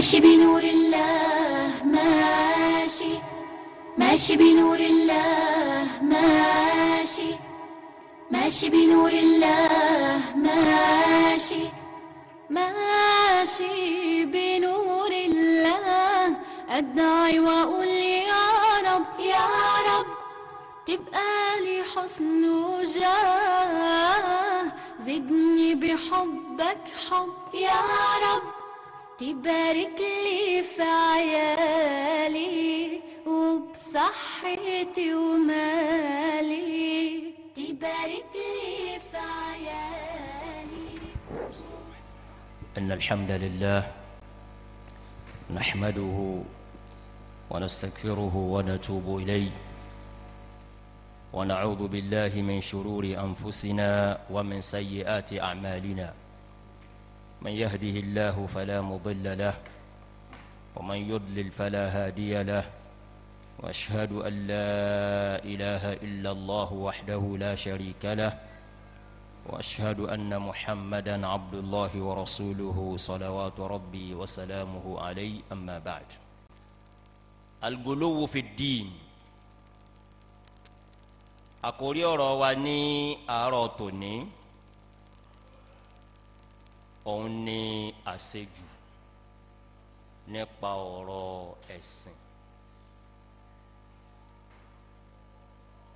ماشي بنور الله ماشي ماشي بنور الله ماشي ماشي بنور الله ماشي ماشي بنور الله أدعي وأقول يا رب يا رب تبقى لي حسن وجاه زدني بحبك حب يا رب تبارك لي في عيالي وبصحتي ومالي تبارك لي في عيالي إن الحمد لله نحمده ونستغفره ونتوب إليه ونعوذ بالله من شرور أنفسنا ومن سيئات أعمالنا من يهده الله فلا مضل له ومن يضلل فلا هادي له واشهد ان لا اله الا الله وحده لا شريك له واشهد ان محمدا عبد الله ورسوله صلوات ربي وسلامه عليه اما بعد الغلو في الدين اقول يا رواني ní òun ni àṣejù nípa ọ̀rọ̀ ẹ̀sìn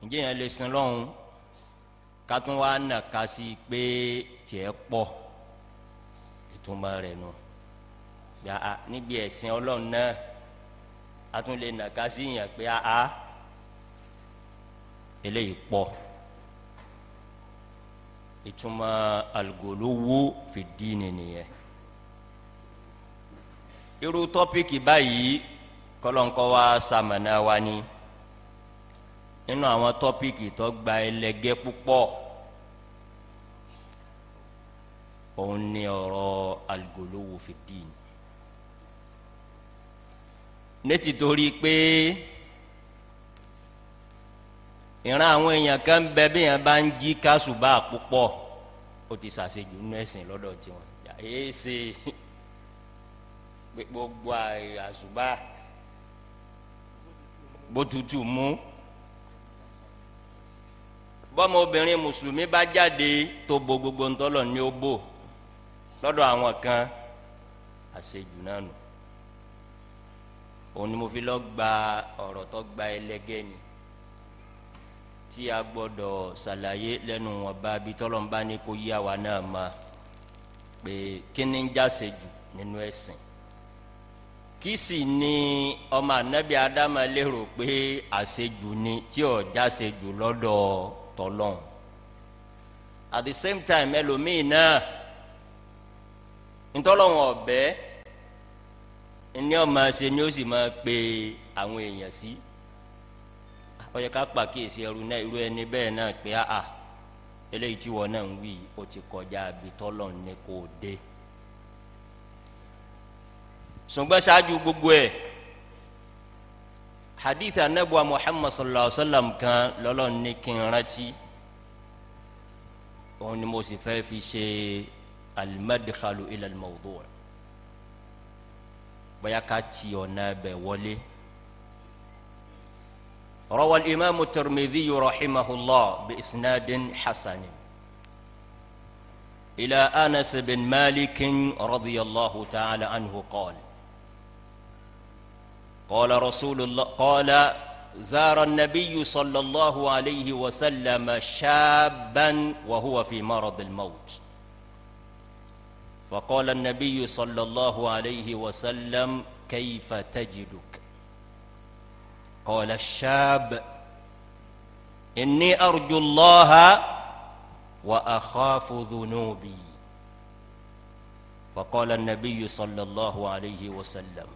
ǹjẹ́ yẹn lè sin lọ́hùn ká tún wá nàka sí i pé tiẹ̀ pọ̀ ìtumọ̀ rẹ̀ nù gbàá níbi ẹ̀sìn ọlọ́run náà a tún lè nàka sí yẹn pé a eléyìí pọ̀ ìtumọ̀ alugolówó fìdí nìyẹn irú tọ́píkì báyìí kọ́lọ́nkọ́ wa sàmànà wa ni nínú àwọn tọ́píkì tó gba ẹlẹgẹ́ púpọ̀ òun ni ọ̀rọ̀ alugolówó fìdí ní ti torí pé ìran àwọn èèyàn kan bẹ bí èèyàn bá ń jí kásùbà púpọ̀ ó ti sàṣejù nínú ẹ̀sìn lọ́dọ̀ tiwọn èyí ṣe gbogbo àṣùbà bó tutù mú bọ́mọ obìnrin mùsùlùmí bá jáde tó bo gbogbo ńtọ́lọ̀ ní ó bò lọ́dọ̀ àwọn kan àṣejù náà nù òun ni mo fi lọ́ọ́ gba ọ̀rọ̀ tó gba ẹlẹ́gẹ́ ni tí a gbọ́dọ̀ ṣàlàyé lẹ́nu wọn bá bí tọ́lọ́mbá ní kó yá wa náà ma pé kíní ń jáse jù nínú ẹ̀sìn kí sì ni ọmọ ànábì ádámà lérò pé àṣejù ni tí ò jáse jù lọ́dọ̀ tọ́lọ́hún at the same time ẹlòmíì náà ntọ́lọ́hún ọ̀bẹ ni ọmọ ṣe ni ó sì máa pe àwọn èèyàn sí. Si ó yẹ ká pàkíyèsí ẹrú náà irú ẹni bẹ́ẹ̀ náà pé àà eléyìí tí wọn náà ń wí ó ti kọjá bí tọ́lọ̀ ní kò dé. ṣùgbọ́n ṣáájú gbogbo ẹ̀ hadith anabu muhammad sallallahu alaihi wa sallam kan lọ́lọ́ ní kí n rántí òun ni mo sì fẹ́ fi ṣe alimadikalu ilẹ̀ mọ̀ọ́dọ́ bóyá ti ọ̀nà bẹ̀ wọlé. روى الإمام الترمذي رحمه الله بإسناد حسن إلى أنس بن مالك رضي الله تعالى عنه قال قال رسول الله قال زار النبي صلى الله عليه وسلم شابا وهو في مرض الموت فقال النبي صلى الله عليه وسلم كيف تجدك قال الشاب إني أرجو الله وأخاف ذنوبي فقال النبي صلى الله عليه وسلم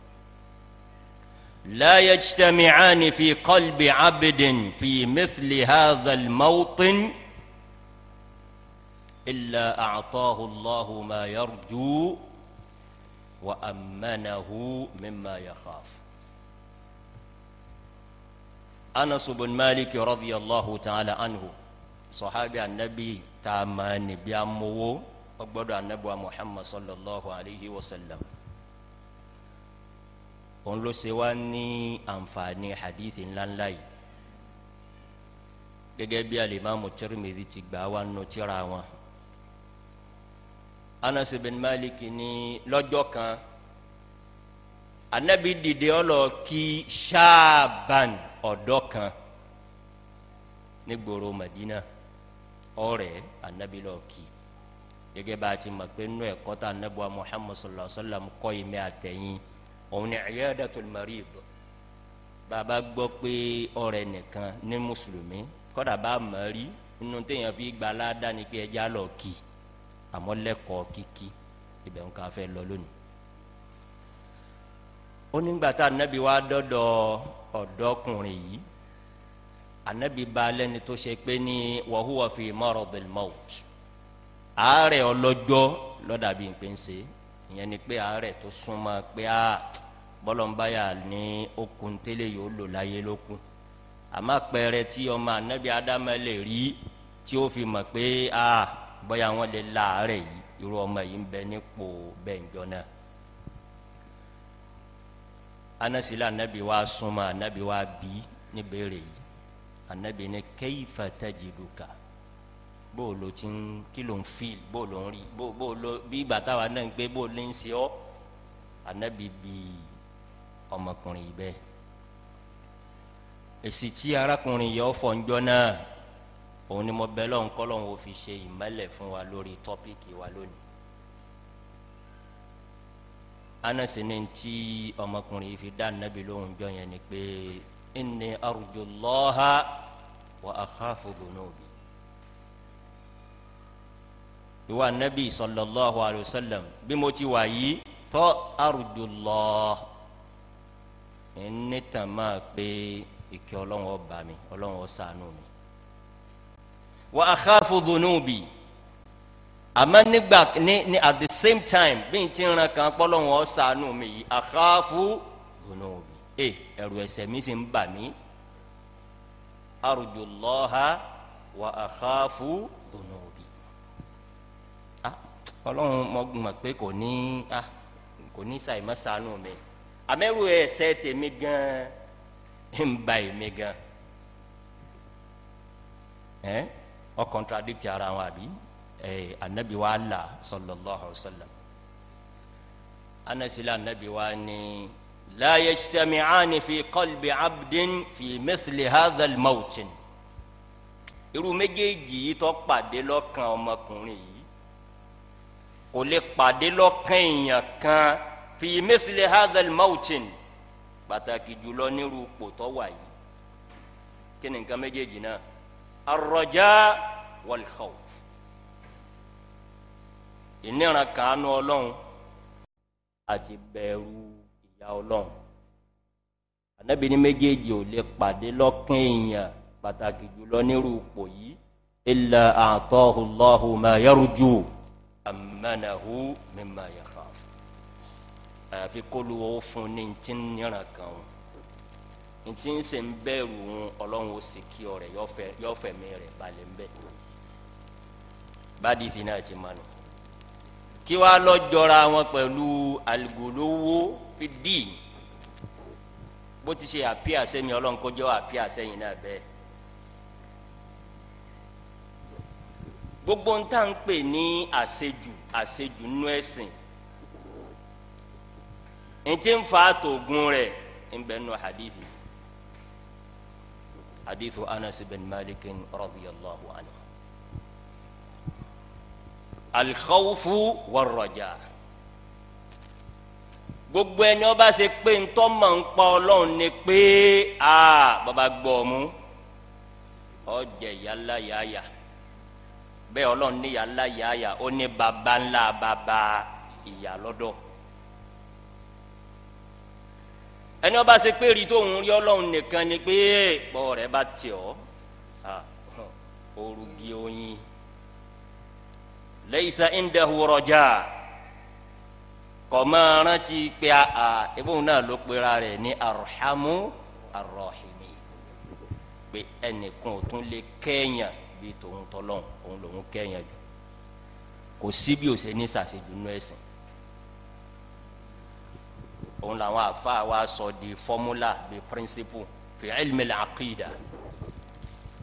لا يجتمعان في قلب عبد في مثل هذا الموطن إلا أعطاه الله ما يرجو وأمنه مما يخاف anas bin malik radiyallahu ta'ala anhu sahabi anabi ta ma ni bi amowo ọgbọdọ anabi wa muhammad sallallahu alayhi wa sallam òun ló ṣe wá ní àǹfààní hadithi ńláńlá yìí gẹ́gẹ́ bí alimami tirimidi ti gbà wá nù tíra wọn anas bin malik ní lọ́jọ́ kan anabi dìde ó lọ ọ̀dọ́ kan nígboro Madina ọ̀rẹ́ anabi lọ gẹ́gẹ́ bá a ti mọ̀ pé nínú ẹ̀kọ́ tá anabi wa sallallahu alaihi wa sallam kọ́ yìí mẹ́ òun ni iyadatul marid bàbá gbọ́ pé ọ̀rẹ́ nìkan ní mùsùlùmí bá nínú téèyàn fi gba ni pé ẹja lọ kì kíkí ń lọ ọ̀dọ́kùnrin yìí anabi ba lẹ́ni tó ṣe pé ní wa huwa fi maradil maut àárẹ̀ ọlọ́jọ́ lọ́dàbí pé ń ṣe ìyẹn ni pé àárẹ̀ tó súnmọ́ pé a bọ́lọ́mbáyà ní okùn tẹ́lẹ̀ yóò lò láyé lókun àmọ́ pẹ̀rẹ̀ tí ọmọ anabi adama lè rí tí ó fi mọ̀ pé a bọ́yá wọn lè la àárẹ̀ yìí irú ọmọ yìí ń bẹ nípò bẹ́ẹ̀ ń jọ náà anasi la anabi wa suma anabi wa bi ní béèrè yìí anabi ní kayfa tajiduka bóòlù ti ń kìlò ń fi bóòlù ń rí bóòlù bí bàtà wa náà ń gbé bóòlù ń ṣe ọ́ anabi bi ọmọkùnrin yìí bẹ́ẹ̀ èsì tí arákùnrin yìí ọ̀fọ̀ ń jọ náà òun ni mo bẹ́ lọ́nkọ́ lọ́n wo fi ṣe ìmẹ́lẹ̀ fún wa lórí tọ́píìkì wa lónìí anasi ni ti ọmọkùnrin fi dá anabi lóhùn jọ yẹn ni pé inni arju Allaha wa akhafu dhunubi ìwà anabi sallallahu alayhi wa sallam bí mo ti wà yìí tọ́ arju Allah ní tàn máa pé ìkẹ́ ọlọ́wọ́ mi wa akhafu dhunubi àmọ́ nígbà ní ní at the same time bí n ti ran kan pọ́lọ́hún ọ̀sánú mi yìí àkáfù gbóná omi ẹ ẹ̀rù ẹ̀ṣẹ̀ mi sì ń bà mí arjulọ́ha wà àkáfù gbóná omi. Ah, ọlọ́run mo mọ̀ pé kò ní ah, kò ní sàìmọ́ sànú mi àmẹ́rù ẹ̀ṣẹ̀ tèmi gan-an ń bà èmi gan-an ọ eh, contradict ara wọn àbí anabi wa la sallallahu alaihi wa sallam anasila anabi wa ni la yajtami'ani fi qalbi abdin fi mithli hadha al-mawtin irú méjèèjì yìí tó pàdé lọ́kàn ọmọkùnrin yìí kò lè pàdé lọ́kàn èèyàn kan fi mithli hadha al pàtàkì jùlọ nírú ipò tó wà yìí kí ni nǹkan méjèèjì náà ar-raja ìníran kàánú ọlọ́run àti bẹ̀rù ìyá ọlọ́run ànábì ní méjèèjì ò lè pàdé lọ́kàn èèyàn pàtàkì jùlọ nírú ipò yìí ilẹ̀ àtọ́hùlọ́hù ma yẹ́rùjú àmànàhù mímọ̀ yẹ̀fà àfi kóluwó fún ní tí ń níran kan ní tí ń se ń bẹ̀rù ọlọ́run ó sì kí ọ̀rẹ́ yọ́fẹ̀mí rẹ̀ balẹ̀ ń bẹ̀ bá dìfínà ti máa nù kí wàá lọ jọra wọn pẹ̀lú alugolowo fìdí bó ti ṣe àpí àsẹ́mi ọlọ́nkọjọ́ àpí àsẹ́yìn náà bẹ́ẹ̀. gbogbo ń tà ń pè ní àṣejù àṣejù nínú ẹ̀sìn ntí ń fa àtògùn rẹ̀ ń bẹ nù hadithi hadithu anas bin malik radiyallahu anhu alikawufu warọja gbogbo ẹni ó bá ṣe pé ntọ́ máa ń pa ọlọ́run ni pé a bàbá gbọ́ ọ mú ọjẹ yàrá yàáyà bẹ́ẹ̀ ọlọ́run ní yàrá yàáyà ó ní baba ńlá baba ìyá lọ́dọ̀ ẹni ó bá ṣe pé rí tóun rí ọlọ́run nìkan ni pé bọ́ọ̀ bá tiẹ̀ ọ́ oyin. Leisa indahu raja kọ̀mọ́ rántí pé a ibùn náà ló pera rẹ̀ ní arhamu arrahimi pé ẹnìkan ò tún lè kẹ́yàn bíi tòun tọ́lọ́n òun lòun kẹ́yàn jù kò sí bí òsè ní sàṣejù nú ẹ̀sìn òun làwọn àfa wa sọ di fọ́múlà bíi píríncípù fi ilmi al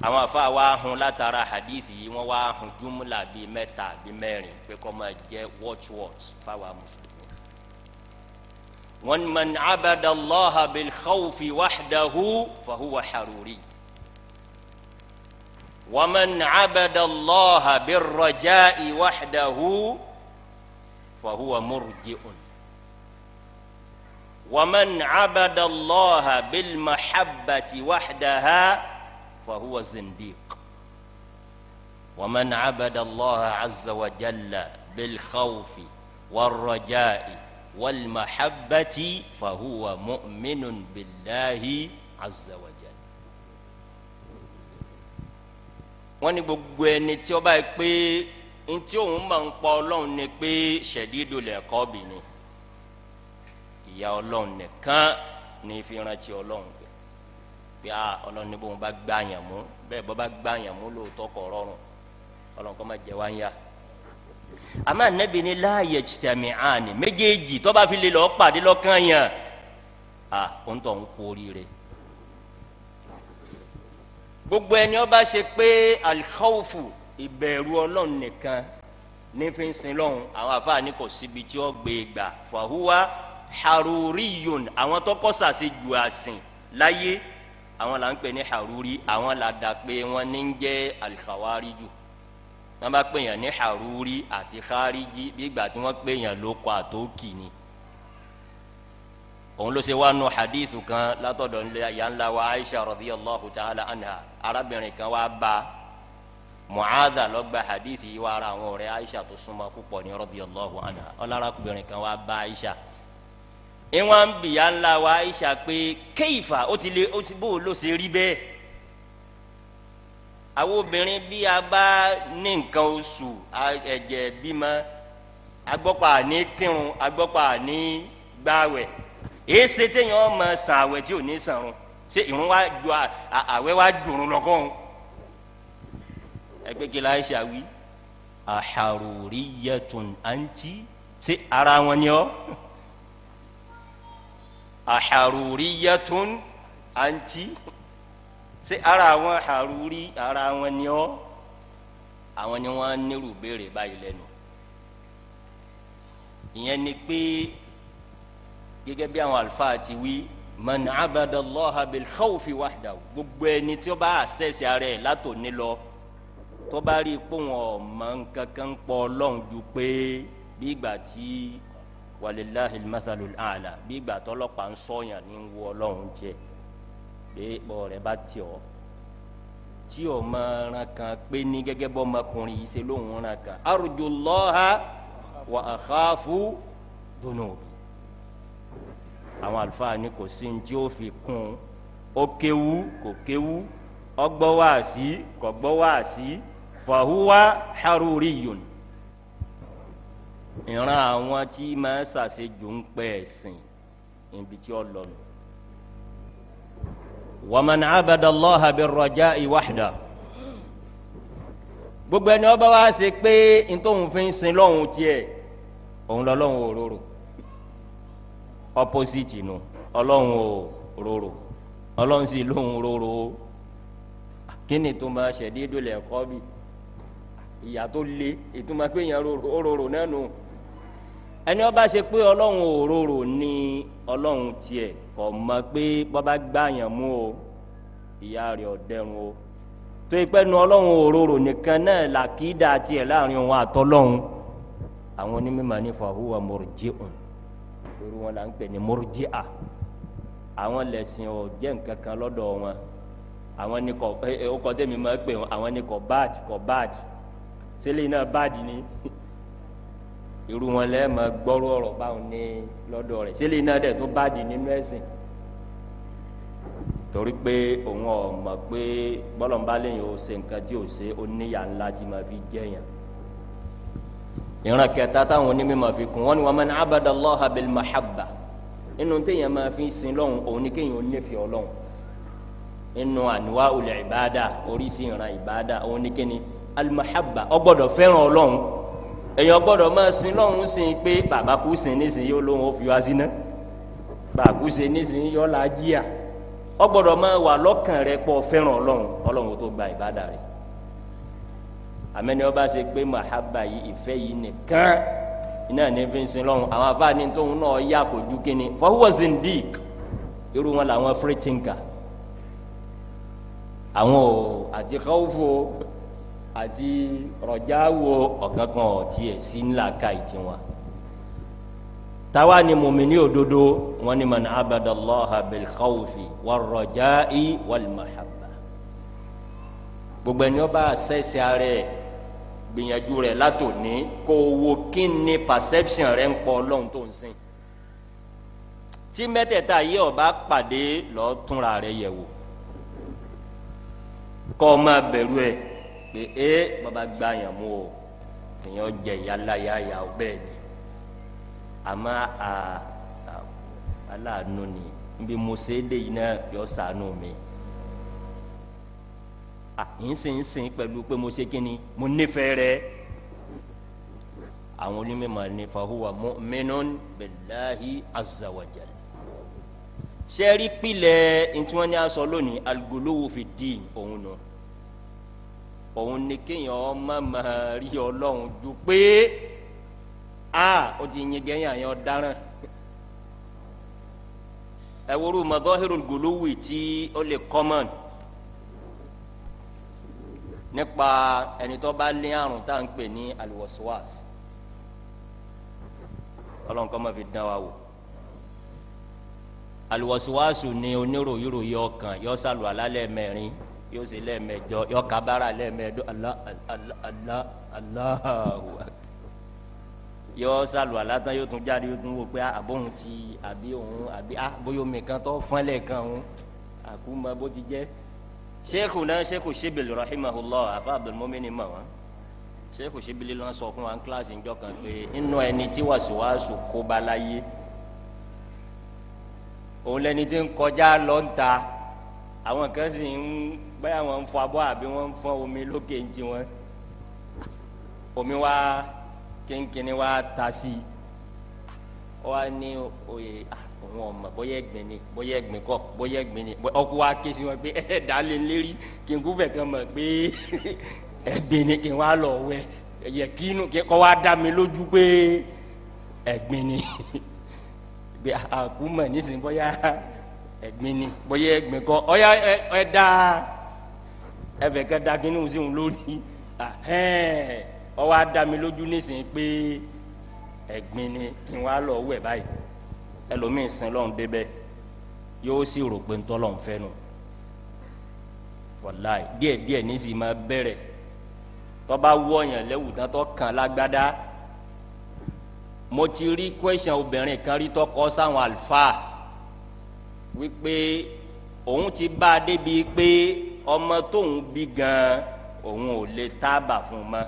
àwọn afa wa hun látara hadith yi wọn wa hun jumla bi mẹ́ta bi mẹ́rin pé kó ma jẹ watch fa wa mùsùlùmí. wọn man abada allah bil khawfi wahdahu fahuwa haruri man abada allah ومن عبد الله بالرجاء وحده فهو man abada allah الله mahabbati waḥdaha. فهو زنديق ومن عبد الله عز وجل بالخوف والرجاء والمحبة فهو مؤمن بالله عز وجل wọ́n ní gbogbo ẹni tí ó bá yẹ pé ntí òun máa ń pa ọlọ́run ni pé ṣẹ̀dídò lẹ́kọ́ bì ìyá ọlọ́run nìkan ní fi rántí ọlọ́run pé a ah, ọlọ́run níbo wọn bá gbá yàn mú bẹ́ẹ̀ bọ́ bá gbá yàn mú lóòótọ́ kọ̀ rọrùn ọlọ́run kọ́ máa jẹ wá ń yá. àmọ́ ànábì ni la yajtami'ani méjèèjì tó fi lè lọ́ọ́ pàdé lọ́kàn yàn à ń tọ̀ ń kú oríire. gbogbo ẹni ó ṣe pé al-khawfu ìbẹ̀rù ọlọ́run nìkan nífin sin lọ́hùn àwọn àfààní kò síbi tí ó gbé e gbà fahuwa haruriyun àwọn tó sàṣejù àsìn láyé àwọn là ń pè ní haruri àwọn là dà pé wọn ní ń jẹ alihawariju wọn bá pè yàn ní haruri àti khariji bí ìgbà tí wọn pè yàn ló kọ àtòkì ni òun ló ṣe wá nu hadithu kan látọ̀dọ̀ ìyá ńlá wa aisha radiyallahu ta'ala anha arábìnrin kan wá bá mu'adha lọ́gba hadithi wa ara àwọn ọ̀rẹ́ aisha tó súnmọ́ púpọ̀ ní radiyallahu anha ọlárakùnrin kan wá bá aisha ìwọ̀n ń bìyà ńlá wa Aisha pé kéìfà ó ti lé ó ti bó ló ṣe rí bẹ́ẹ̀ àwọn obìnrin bí a bá ní nǹkan oṣù ẹ̀jẹ̀ bímọ agbọ́pọ̀ àní kírun agbọ́pọ̀ àní gbáwẹ̀ èyí ṣe téèyàn ọmọ sàn àwẹ̀ tí ò ní sàn o ṣé ìrún wa ju àwẹ̀ wa dùnrún lọ́kọ́run ẹgbẹ́ kí la Aisha wí àhàrò rí yẹtùn àǹtí ṣé ara wọn ni ọ́ àhàrùríyàtún àǹtí ṣé ara àwọn àhàrùrí ara wọn ni ọ àwọn ni wọn nírú béèrè báyìí lẹ́nu ìyẹn ni pé gẹ́gẹ́ bí àwọn àlùfáà ti wí man abada allah bil khawfi wahdahu gbogbo ẹni tí ó bá àṣẹṣe ara ẹ látòní lọ tó bá rí i pé wọn ò nǹkan kan pọ Ọlọ́run ju pé bí ìgbà tí walilahi mathalu ala bí ìgbà tọ́lọ́pàá ń sọyàn ní wo Ọlọ́run jẹ pé bọrẹ bá tì ọ tí o ma ran kan pé ní gẹ́gẹ́ bọ ọmọkùnrin yìí ṣe lóun ran kan arjulaha wa akhafu dunubi àwọn àlùfáà ni kò sí ní tí ó fi kún un ó kò kéwú ọgbọ́ wá sí kò gbọ́ wá sí fahuwa haruriyun ìran àwọn tí máa ṣàṣejù ń pẹ́ ẹ̀sìn ibi tí ó lọ nù. waman abada Allaha birraja'i wahda gbogbo ẹni ọba wa ṣe pé ntòun fi ń sin lọ́hùn tiẹ̀ òun lọ́lọ́hùn òróró opposite nu ọlọ́hùn òróró ọlọ́hùn sì lóhùn òróró kí ni tó máa ṣẹ̀dí ìdólẹ̀ ẹ̀kọ́ bí ìyà tó le ìtumọ̀ pé èèyàn òróró náà nù ẹni ọba ṣe pé ọlọ́run òróró ni ọlọ́run tiẹ̀ kọ̀ mọ̀ pé bọ́ba gbàyàn mú o ìyá rẹ̀ ọ̀dẹ́rùn o tó ipẹ́ nu ọlọ́run òróró nìkan náà làkìdá tiẹ̀ láàrin òun àtọ́lọ́run àwọn onímọ̀ ní fahuwa murji'un torí wọn là ń pè ní murji'a àwọn lẹ̀sìn ò nǹkan kan lọ́dọ̀ wọn àwọn ni kò ẹ ọkọ̀ tẹ̀mí máa pè àwọn ni kò bad kò bad sílẹ̀ náà bad ni. irú wọn lẹ́ẹ̀ máa gbọ́rọ̀ ọ̀rọ̀ báwọn ní lọ́dọ̀ rẹ̀ sílẹ̀ iná dẹ̀ tó bá di nínú ẹ̀sìn torí pé òun ọ̀ mọ̀ pé bọ́lọ̀mbá lẹ́yìn ò ṣe nǹkan tí ò ṣe ó níyà ńlá tí máa fi jẹ́yàn ìran kẹta táwọn onímọ̀ fi kún wọn ni wọn máa ní abadallaha bil mahabba inú téèyàn máa fi sin lọ́hùn òun ni kéèyàn ó nífẹ̀ẹ́ ọlọ́hùn inú àníwá olè ìbáadà oríṣi ìran ìbáadà òun ni kéèyàn al mahabba ó fẹ́ràn ọlọ́hùn èèyàn gbọ́dọ̀ máa sin lọ́hùn sin pé bàbá kú sin nísìnyí ó lóun ó fi wá síná bàbá kú sin nísìnyí yọ la jíà ọ gbọ́dọ̀ máa wà lọ́kàn rẹ pọ̀ fẹ́ràn Ọlọ́run Ọlọ́run tó gba ìbádà rẹ àmẹ́ni ọba ṣe pé mahaba yìí ìfẹ́ yìí nìkan iná ní fi ń sin lọ́hùn àwọn afáàní tóun náà yà kó ju kínní fọwọ́ zindik irú wọn làwọn free thinker àwọn ò àti kọ́wọ́fọ́ àti rọ̀jáwò ọ̀gángan ọ̀tí ẹ̀ sí ńlá ka ìtì wọn. táwa ni mùmíní òdodo wọn ni man abadallaha bil khawfi wal rajai wal mahabba. gbogbo ẹni wọn bá sẹ́sẹ́ ara ẹ̀ gbìyànjú rẹ̀ látòní kó wo kí ni perception rẹ̀ ń pọ̀ ọlọ́run tó ń sìn. tí mẹ́tẹ̀ẹ̀ta yìí ọba pàdé lọ́ọ́ túnra rẹ̀ yẹ̀ kọ́ ọ máa bẹ̀rù ẹ̀ pé ee bàbá gba yàn mú o èèyàn jẹ yàláyàyà o bẹ́ẹ̀ ni àmọ́ a aláàánú ni nbí mo ṣe é dé yìí náà yọ sànú mi à ńsìnsìn pẹ̀lú pé mo ṣe kíni mo nífẹ̀ẹ́ rẹ àwọn onímọ̀ ní fahuwa mu'minun billahi azza wa jal pilẹ̀ ntí ní aṣọ lónìí al-guluwu fi din òun náà òun ni kéèyàn ọmọ máa rí ọlọ́run ju pé a ó ti yin gẹ́yìn àyàn ọ̀daràn ẹwúrú mọ̀gọ́hìrò gòlówì tí ó lè kọ́mọ̀n nípa ẹni tó bá lé àrùn tá à ń pè ní aliwọ̀sowàs ọlọ́run kọ́ mọ̀ fi dán wa wò aliwọ̀sowàsù ni oníròyìnròyìn ọkàn yọ sálù alálẹ̀ mẹ́rin yóò ṣe lẹ́ẹ̀mẹjọ yọ kábàárà lẹ́ẹ̀mẹjọ Allah Allah Allah yọ sàlù alátán yóò tún jáde yóò tún wò pé ah, àbóhùn ti àbí òun àbí ah, bóyá omi kan tó fọ́nlẹ̀ kan òun àkúmọ bó ti jẹ́ sheikh náà sheikh shibili rahimahullah afa abdulmumini ma wọn sheikh shibili lọ sọ fún wa ní kíláàsì ńjọ kan pé inú ẹni tí wàsíwàsù kó bá láyé òun lẹni tí ń kọjá lọ́ńta àwọn kan sì ń báyà wọn ń fọ abọ́ àbí wọ́n ń fọ omi lókè ń ti wọn omi wa kínkínní wa ta sí i wọ́n á ní oyè àwọn ọmọ bóyá ẹgbẹ́ ni bóyá ẹgbẹ́ kọ́ bóyá ẹgbẹ́ ni ọkọ wa ké sí wọn pé ẹ dálé lérí kí n kú fẹ̀ kan mọ̀ pé ẹgbẹ́ ni kí n wá lọ wẹ ẹ̀yẹ kínú kọ́ wa dá mi lójú pé ẹgbẹ́ ni àkúmọ̀ nísìnyí bóyá ẹ̀gbin ni bóyá ẹ̀gbin kọ ọyá ẹ da ẹfẹ kẹ da kí ni òun sì ń lórí ọwọ adami lójú nísìnyí pé ẹ̀gbin ni kí wọn á lọ wẹ̀ báyìí ẹlòmíín sin lọ́hùn débẹ̀ yóò sì rò pé ntọ́ lọ́hùn fẹ́ nu wàláì díẹ̀ díẹ̀ nísì máa bẹ̀rẹ̀ tọ́ba wọ̀nyàn lẹ́wù tán lágbádá mo ti rí kwẹ́sàn obìnrin kan rí tọ́kọ sáwọn àlùfáà wípé òun ti bá a débi pé ọmọ tóun bí gan òun ò lè tábà fún un mọ́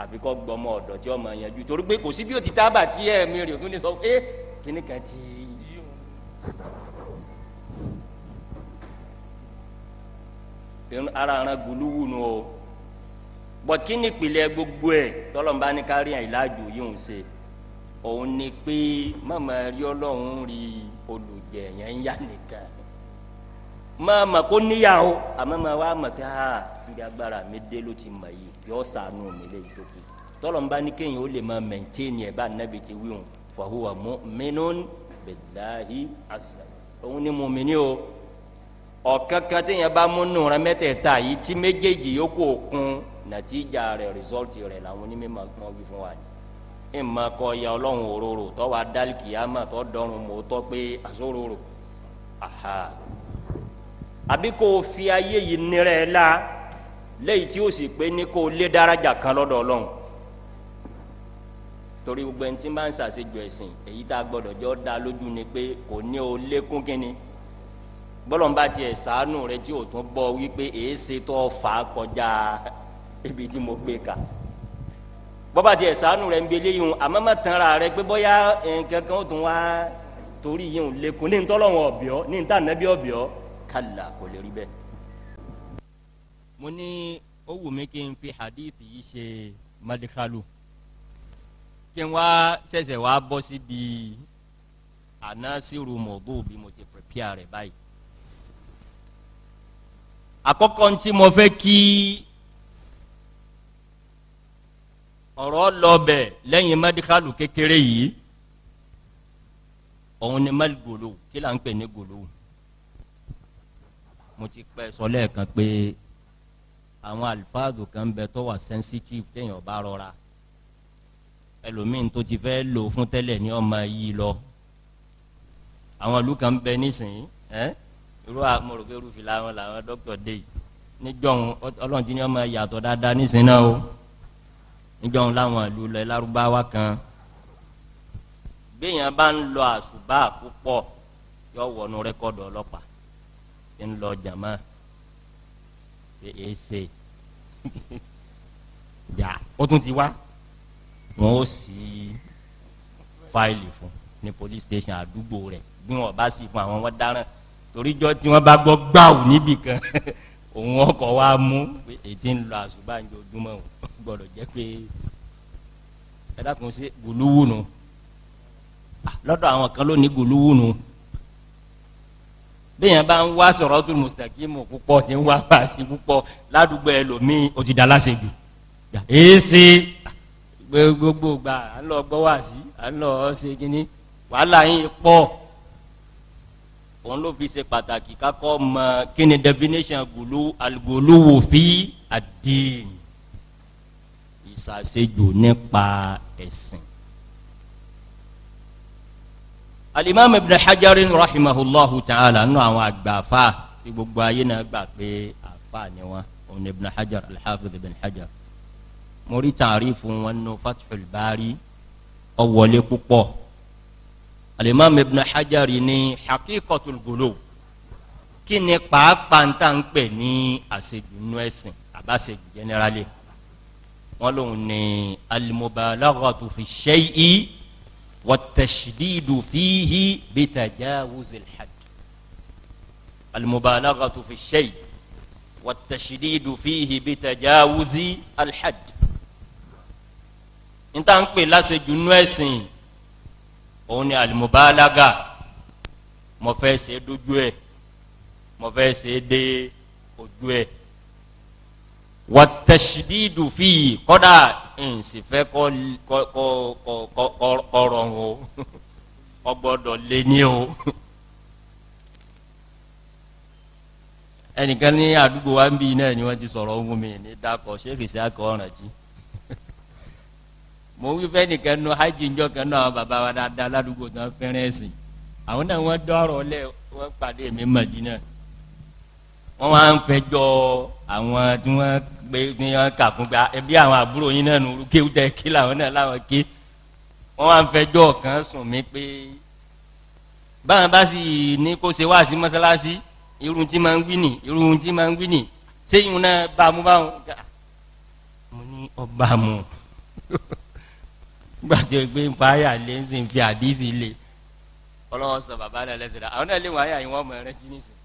àfi kọ́ gbọmọ ọ̀dọ̀ tí ọmọ yanjú torí pé kò sí bí o ti tábà tí ẹ̀mí rẹ̀ òun ní sọ pé kíní kan ti ara ara guluwu nu o bọ kí ni ìpìlẹ̀ gbogbo ẹ̀ tọ́lọ́mùbá ní kárí àìláàjò yìí ń ṣe òun ni pé mọ̀mọ́ rí ọlọ́run rí olùyẹ jẹ yẹn ń yá nìkan máa mọ̀ kó níyàwó àmọ́ máa wá mọ̀ kí ha níbi agbára mi dé ló ti mọ̀ yìí yọ sànù mi lè jókè tọ́lọ̀ ń bá ní kéèyàn ó lè máa mẹ̀ntẹ́ẹ̀nì ẹ̀ bá nábì ti wíwọ̀n fahuwa mu'minun billahi azza òun ni mùmíní o ọ̀kan kan téèyàn bá múnú rẹ mẹ́tẹ̀ẹ̀ta yìí tí méjèèjì yókù òkun nàtíjà rẹ̀ rìsọ́ọ̀tì rẹ̀ làwọn onímọ̀ wí fún wa ni ìmọ̀ kọ ya ọlọ́run òróró tọ́wọ́ adálìkìyàmà tọ́ dọ́run mọ́ tọ́ pé àsóróró aha àbí kò fi ayé yìí nira ẹ̀ la lẹ́yìn tí ó sì pé ní kò lé dáradà kan lọ́dọ̀ ọlọ́run torí gbogbo ẹni tí ń bá ń ṣàṣejù ẹ̀sìn èyí tá a gbọ́dọ̀ jọ dá lójú ni pé kò ní o lékún kínni bọ́lọ̀mbá tiẹ̀ ṣàánú rẹ tí o tún bọ́ wípé èé ṣe tó fà á kọjá ibi tí mo gbé ka bọ́bá tiẹ̀ sànù rẹ̀ ń belé yìí àmọ́ má tan ara rẹ̀ pé bóyá nǹkan kan ó tún wá torí yìí ń lékun ní ntọ́lọ́wọ̀n ọ̀bíọ́ ní ntànàbí ọ̀bíọ́ kàlà kò lè rí bẹ́ẹ̀. mo ní ó wù kí n fi hadith yìí ṣe madikalu kí n wá ṣẹ̀ṣẹ̀ wá bọ́ síbi anasiru mọ̀gbó bí mo ti prepare rẹ̀ báyìí. àkọ́kọ́ ntí mo fẹ́ kí. ọ̀rọ̀ lọ́bẹ̀ lẹ́yìn mẹ́díkàlù kékeré yìí òun ni mẹ́lì gòlò kí là ń pè ní gòlò mo ti pẹ́ sọ lẹ́ẹ̀kan pé àwọn alifáàdù kan bẹ tó wà sensitive téèyàn bá rọra ẹlòmíín tó ti fẹ́ lò fún tẹ́lẹ̀ ní ọmọ yìí lọ àwọn ìlú kan bẹ nísìnyí ẹ irú amòròkè rúfin làwọn làwọn dókítà dé níjọ́ ọlọ́run ti ní ọmọ yàtọ̀ dáadáa nísìnyí náà o níjọ́ ń láwọn ìlú lẹ lárúbáwá kan béèyàn bá ń lọ àṣùbà púpọ̀ yọ wọnú rẹ́kọ̀dù ọlọ́pàá tí ń lọ jàmá èèṣe yà ó tún ti wá wọn ó sì fáìlì fún ní police station àdúgbò rẹ̀ bí wọn bá sì fún àwọn wọn dáràn toríjọ́ tí wọn bá gbọ́ gbàù níbì òun ọkọ̀ wa mú ètí ń lọ àṣùbànjọ ojúmọ́ o gbọ́dọ̀ jẹ́ pé ẹ dákun sí gòlúwù nù lọ́dọ̀ àwọn kan ló ní gòlúwù nù bẹ́ẹ̀yàn bá ń wá sọ̀rọ̀ tó mùsàkímù púpọ̀ tí ń wá paasi púpọ̀ ládùúgbò ẹlòmíì ó ti dala ṣe jù èsì gbogbo gbà à ń lọ gbọ́ wá sí à ń lọ ṣe kínní wàhálà yín pọ̀ òun ló fi ṣe pàtàkì kakọ mọ kíni definition gulu aligoluwo fi adi ìsàsejò nípa ẹ̀sìn. alimami ibn hajarin rahimahullahu ta'ala nínú àwọn àgbàfà tí gbogbo ayé náà gbà pé àfà ni wọn òun ibn hajar alhafiz ibn hajar mo rí fún wọn nù fathul ọwọlé púpọ̀ alimam ibn hajari ní hakikatul gulu kí ni pàápàá ń tà ń pè ní àṣejù nínú ẹ̀sìn àbáṣejù jẹnẹrálì wọn lòun ní alimobalaghatu fi shay'i watashdidu fihi bitajawuzil hadd alimobalaghatu fi shay'i watashdidu fihi bitajawuzil hadd ń tà ń pè láṣejù nínú ẹ̀sìn. òun ni alimubalaga mo fẹ́ ṣe dojú ẹ̀ mo fẹ́ ṣe dé ojú ẹ̀ wàtẹ̀sídìdù fi kọ́dà ǹsìfẹ́ kọ́rọ̀ o ọgbọ́dọ̀ lé ní o ẹnìkan ní àdúgbò wa ń bí iná ẹ̀ ti sọ̀rọ̀ ohun mi ní dákọ̀ ṣé jí. mo wí fẹ́ nìkan nu hajj njọ́ kan nu àwọn baba wa dáadáa ládùúgbò tán fẹ́rẹ́ ẹ̀sìn àwọn náà wọ́n dọ́rọ̀ lẹ̀ wọ́n pàdé mi Mẹdínà wọ́n wá ń fẹjọ́ àwọn tí wọ́n gbé ní wọn kà fún gba ẹbí àwọn àbúrò yín náà nù kéwù tẹ kí làwọn náà láwọn ké wọ́n wá ń fẹjọ́ kan sùn mí pé báwọn bá sì ní kó ṣe wá sí mọ́sálásí irun tí máa ń wí nì irun tí máa ń wí nì sẹ́yìn náà bá mú báwọn. mo ní ọba mu gbàtẹ́ gbé ń pa àyà lé ń sìn fi àdìsí lé ọlọ́wọ́ sọ bàbá náà lẹ́sẹ̀ dá àwọn náà lé wọn àyà yìí wọ́n mọ̀ ẹrẹ́ jíní sìn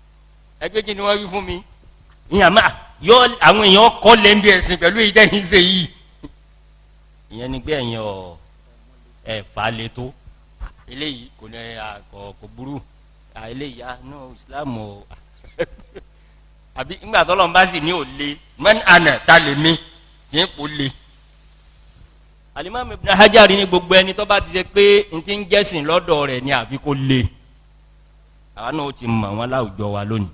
ẹgbẹ́ kí ni wọ́n wí fún mi ìyàn máa yọ àwọn èèyàn kọ́ lé ń bí ẹ̀sìn pẹ̀lú ìdẹ́yìn ṣe yìí ìyẹn ni pé ẹ̀yin ọ̀ ẹ̀ fà lé tó eléyìí kò ní kò burú eléyìí ah no Islam o àbí ńgbà tọ́lọ́ ń bá sì ní ò le àná ta lè mí kì í kò le alimami ibn hajar ni gbogbo ẹni tó bá ti ṣe pé n ti ń jẹ́sìn lọ́dọ̀ rẹ̀ ni àfi kó le àwa náà ti mọ̀ wọn láwùjọ wa lónìí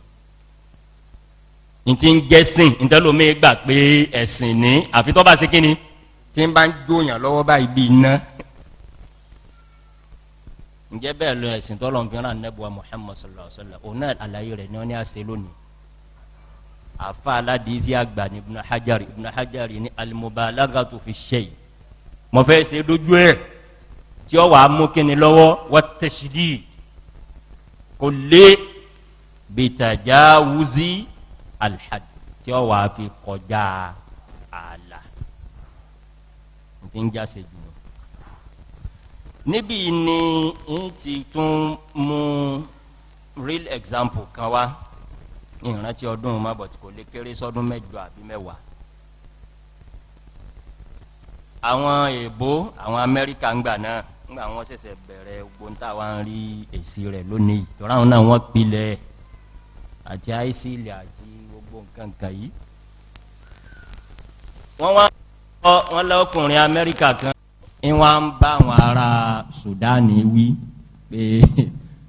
n ti ń jẹ́sìn ntẹ́lómi gbà pé ẹ̀sìn ni àfi tó bá ṣe kíni tí n bá ń jóyàn lọ́wọ́ báyìí bí iná ǹjẹ́ bẹ́ẹ̀ lọ ẹ̀sìn tó lọ́n fìràn nẹ́bùwá muhammad sallallahu alayhi wa sallam òun àlàyé rẹ̀ ni wọ́n ní àṣẹ lónìí àfa aládìí fi àgbà ní ibn hajar ibn hajar ní alimubalagatu fi ṣe yìí mo fẹ́ ṣe dojú ẹ̀ tí ó wàá mú kíni lọ́wọ́ wọ́n tẹ̀sídì kò lé bìtàjà wúzí alhad tí ó wàá fi kọjá ààlà n ti ń jáse jù lọ. níbí ni n ti tún mú real example kan wá ìrántí ọdún mabọ̀ tí kò lè kéré sọdún mẹ́jọ àbí mẹ́wàá àwọn èèbó àwọn amẹ́ríkà ń gbà náà nígbà wọn ṣẹ̀ṣẹ̀ bẹ̀rẹ̀ ogun tá a wá ń rí èsì rẹ̀ lónìí ìtura àwọn náà wọ́n pilẹ̀ àti àìsílì àti gbogbo nǹkan kan yìí. wọ́n wá ọ wọ́n lọ ọkùnrin amẹ́ríkà kan ni wọ́n ń bá àwọn ará sudani wí pé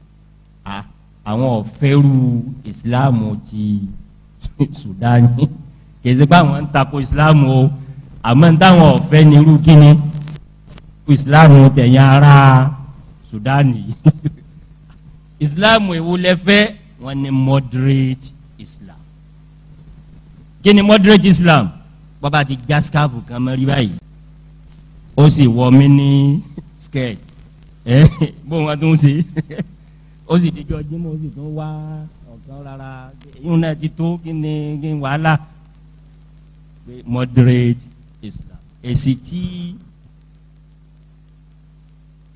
àwọn ọ̀fẹ́rù ìsìláàmù ti sudani kì í ṣe pé àwọn ń tako ìsìláàmù o àmọ́ táwọn ọ̀fẹ́ ni irú kíni ìsìláàmù tẹ̀yìn ara sudani ìsìláàmù ìwúlẹ́fẹ́ wọn ni moderate islam kíni moderate islam bàbá ti já skáàfù kan mẹ́rí báyìí ó sì wọ mí ní skirt ẹ bó wọn tún ṣe ó sì dijọ́ jimá ó sì tún wá ọ̀gá rárá yíyún náà ti tó kíni wàhálà moderate islam èsì tí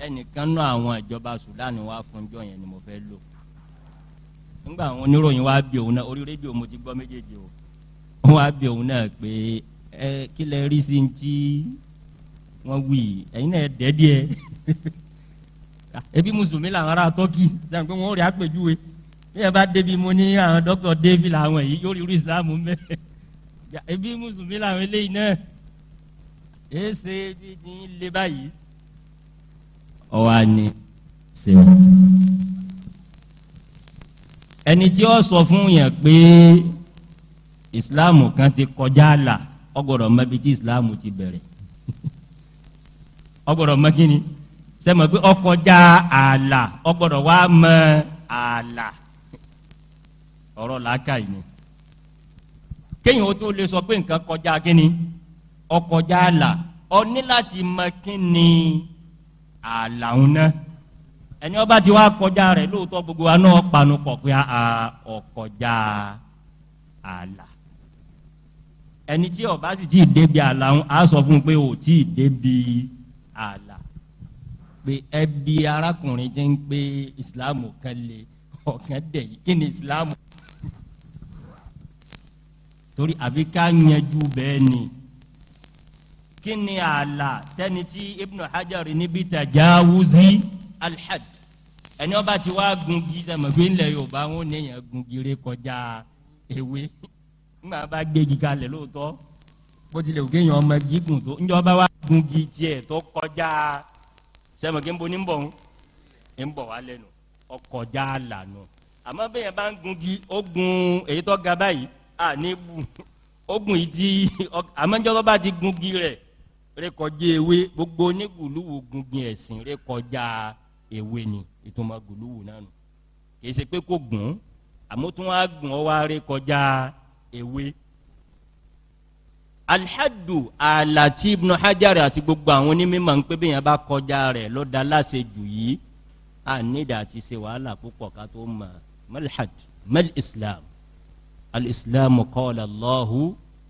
ẹnìkan náà àwọn ìjọba sudan wá fúnjọ yẹn ni mo fẹ́ lò nígbà àwọn oníròyìn wá bí òun náà orí rédíò mo ti gbọ́ méjèèjì o wọ́n wá bí òun náà pé ẹ kí lẹ rí sí ti wọ́n wí ẹ̀yin náà dẹ́díẹ̀ ebi mùsùlùmí làwọn ará tọ́kì sẹ́yìn pé wọ́n rí àpèjúwe bí ẹ bá débi mo ní àwọn dókítà david làwọn yìí yóò rí irú mẹ́ ebi mùsùlùmí làwọn eléyìí náà èsè bí ti ń lé báyìí ọwọ́ ni ṣeun ẹni tí ó sọ fún yẹn pé ìsìláàmù kan ti kọjá la ọgbọ́dọ̀ mọ ibi tí ìsìláàmù ti bẹ̀rẹ̀ ọgbọ́dọ̀ mọ kíni sẹmọ pé ọkọjá àlà ọgbọ́dọ̀ wá mọ àlà ọ̀rọ̀ làákàyè ni kéèyàn ó tó lè sọ pé nǹkan kọjá kíni. ọkọjá àlà ọ ní láti mọ kí ni àlà òun náà ẹni ọba ti wá kọjá rẹ lóòótọ́ gbogbo wa náà panu pọ̀ pé ọkọjá àlà ẹni tí ọba sì ti débi àlà ń á sọ fún un pé ò tí ì débi àlà pé ẹbí arákùnrin ti ń pé ìsìláàmù kan lè ọ̀kan dẹ̀ yìí kí ni ìsìláàmù torí àfi ká yanjú bẹ́ẹ̀ ni kini ala ààlà tẹni tí ibnu hajar níbi tajawuzi alhad ẹni ọba ti wá gungi sẹmọgbé ńlẹ̀ yorùbá wọn ní yẹn gungi ré kọjá ewé ńgbà bá gbégi kalẹ̀ lóòótọ́ bótilẹ̀ òkè yẹn ọmọ gígùn tó ńjọba wá gungi tiẹ̀ tó kọjá sẹmọgbé ńbo ní bọ̀ ń bọ̀ wá lẹ́nu ọkọjá lànà àmọ́ bẹ́ẹ̀ yẹn bá ń gungi ó gun èyí tó ga à ní bu ó gun yìí ti àmọ́ ńjọba ti gungi rẹ̀ rékọjá ewé gbogbo onígùlùwù gungun ẹ̀sìn rékọjá ewé ni ìtumọ̀ gùlùwù náà nù kì í ṣe pé kò gùn àmótún wa gùn ọ wá rékọjá ewé alihadu alati ibnu hajari àti gbogbo àwọn onímọ̀ ń pé bí yẹn bá kọjá rẹ̀ lọ́dà láṣejù yìí a nídà àti wàhálà púpọ̀ ká tó mọ̀ malhad mal islam al islam allahu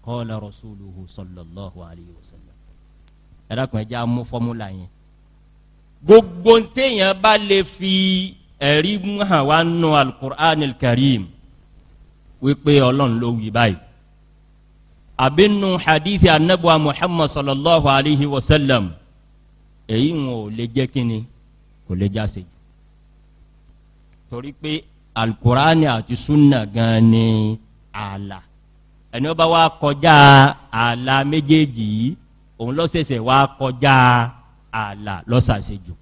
qala rasuluhu sallallahu alayhi wa sallam ẹ dákun ẹ jẹ́ amú fọ́múlà yẹn gbogbo ntẹ̀yìn bá lè fi ẹ̀rí hàn wá nù alukur'an karim wípé ọlọ́run ló wí báyìí àbí nù hadithi anabuwa muhammad sallallahu alayhi wa sallam èyí wọn ò lè jẹ́ kínni kò lè já sèjù torí pé alukur'an àti sunna gan ni ààlà ẹni wọ́n bá wá kọjá ààlà méjèèjì yìí òun lọ́sẹ̀sẹ̀ wá kọjá ààlà lọ́sàsejù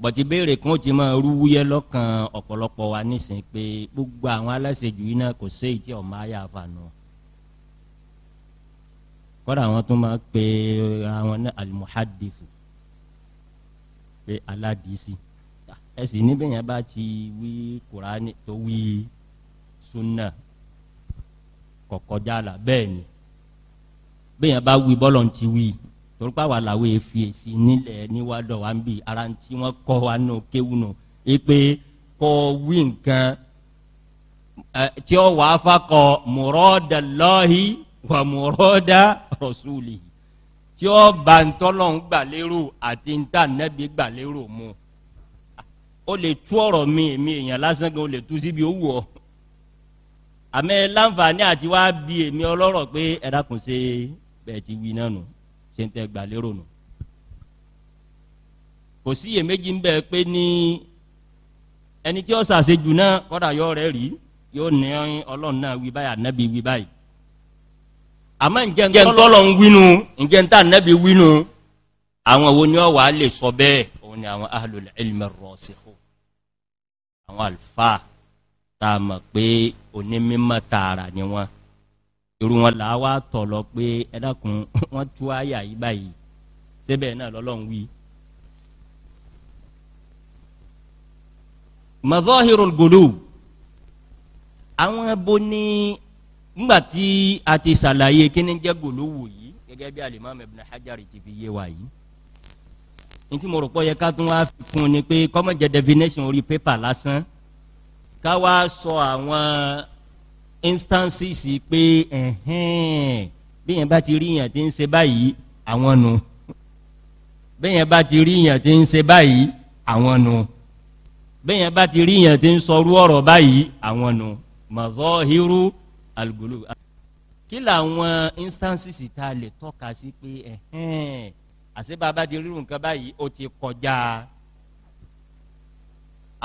bọ̀tí béèrè kan ti máa rúwúyẹ́ lọ́kàn ọ̀pọ̀lọpọ̀ wa nísìnyí pé gbogbo àwọn aláṣejù yìí náà kò séyìí tí ọ̀ma ayé àfààní wọn kọ́dà àwọn tó máa pe àwọn ní alimuhadifu pé aládìísí ẹ sì níbẹ̀ yẹn bá ti wí kuraani tó wí sunna kọ̀kọ́jà là bẹ́ẹ̀ ni bẹ́ẹ̀ bá wí bọ́lọ̀ ń ti wí torípa wà láwé fi èsì nílẹ̀ níwádọ̀ wa ń bì ara ń tí wọ́n kọ́ wa nù kéwù nù é pé kọ́ wí nǹkan tí ó wàá fakọ mùrọ́dà lọ́hì wà mùrọ́dà rọ̀ṣúlì tí ó bá ń tọ́lọ̀ ń gbàlérò àti ń tà nẹ́bí gbàlérò mu ó lè tú ọ̀rọ̀ mi èmi èèyàn lásán kan ó lè tú síbi ó wù ọ́ àmẹ́ láǹfààní àti wá bí èmi ọlọ́rọ̀ pé ẹ̀dá kùn ṣe é bẹẹ ti wí náà ṣe ń tẹ́ gbà lérò nù. kò sí iyèméjì ń bẹ̀ pé ní ẹni tí ó ṣàṣejù náà kọ́dà yọ rẹ̀ rí yóò ní ọlọ́run náà wí báyìí ànábì wí báyìí. àmọ́ ǹjẹ́ ńtọ́lọ̀ ń wínú ǹjẹ́ ńtà ànábì wínú àwọn wo ni ó wàá lè sọ bẹ́ẹ̀ òun ni àwọn ahlul ilmi rasikhun àwọn tá a mọ̀ pé onímọ̀ tààrà ni wọ́n. torí wọn là á wá tọ̀ lọ pé ẹ dákun wọn tú àyà yìí báyìí síbẹ̀ náà lọ́lọ́run wí. mazahirul gulu àwọn abo ní ngbà tí a ti ṣàlàyé kí ni jẹ́ gulu wò yìí gẹ́gẹ́ bí alimami ibn hajar ti fi yé wa yìí ntí mo rò pé yẹ ká tún wá fún ni pé kọ́mọ̀jẹ̀ definition orí pépà lásán ká wá sọ àwọn. So instances pé ẹ̀hẹ́n bẹ́ẹ̀ bá ti rí yàn tí ń ṣe báyìí àwọn nu bẹ́ẹ̀ bá ti rí yàn tí ń ṣe báyìí àwọn nu bẹ́ẹ̀ bá ti rí yàn tí ń sọrú ọ̀rọ̀ báyìí àwọn nu mazahiru al-gulu kí làwọn instances tá a lè tọ́ka sí pé ẹ̀hẹ́n àṣẹ bàbá ti rírun nǹkan báyìí ó ti kọjá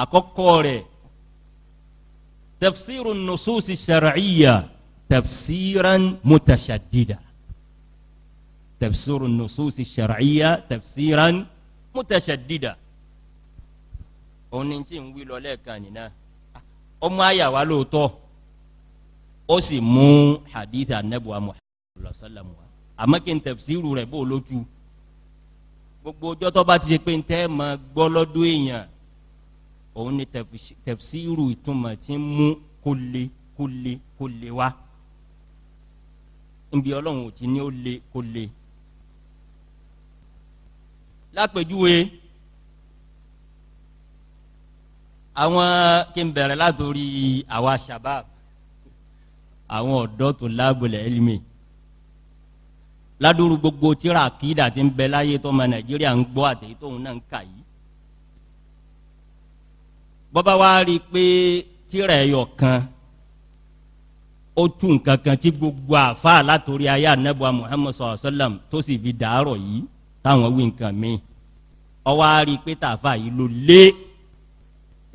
àkọ́kọ́ rẹ̀ تفسير النصوص الشرعية تفسيرا متشددا تفسير النصوص الشرعية تفسيرا متشددا oní tí ń wí lọ lẹ́ẹ̀kan nìna ọmọ àyà wa lóòótọ́ ó sì mú hadith anabuwa muhammadu sallallahu wa àmọ́ kí n tafsiru rẹ̀ bó lójú gbogbo ọjọ́ tó bá ti ṣe pé ń tẹ́ ẹ máa gbọ́ lọ́dún èèyàn òun ni tẹ̀fsíìrù ìtumọ̀ tí ń mú kó le kó le kó le wá nbí ọlọ́run ò ti ní ó le kó le. lápèjúwe àwọn kí n bẹ̀rẹ̀ látòrí àwa shabab àwọn ọ̀dọ́ tó lágbèlè ẹlẹ́mì ládùúrú gbogbo tíra àkídà ti ń bẹ láyé tọ́mọ nàìjíríà ń gbọ́ àtẹ̀yí tóun náà ń kà yìí bọ́bá wa rí i pé tíra ẹ̀yọ̀ kan ó tú nǹkan kan tí gbogbo àfa látòrí ayé anabuwa muhammad sallallahu alaihi wa sallam tó sì fi dàárọ̀ yìí táwọn wí nǹkan mi ọwọ́ á rí i pé tààfà yìí ló lé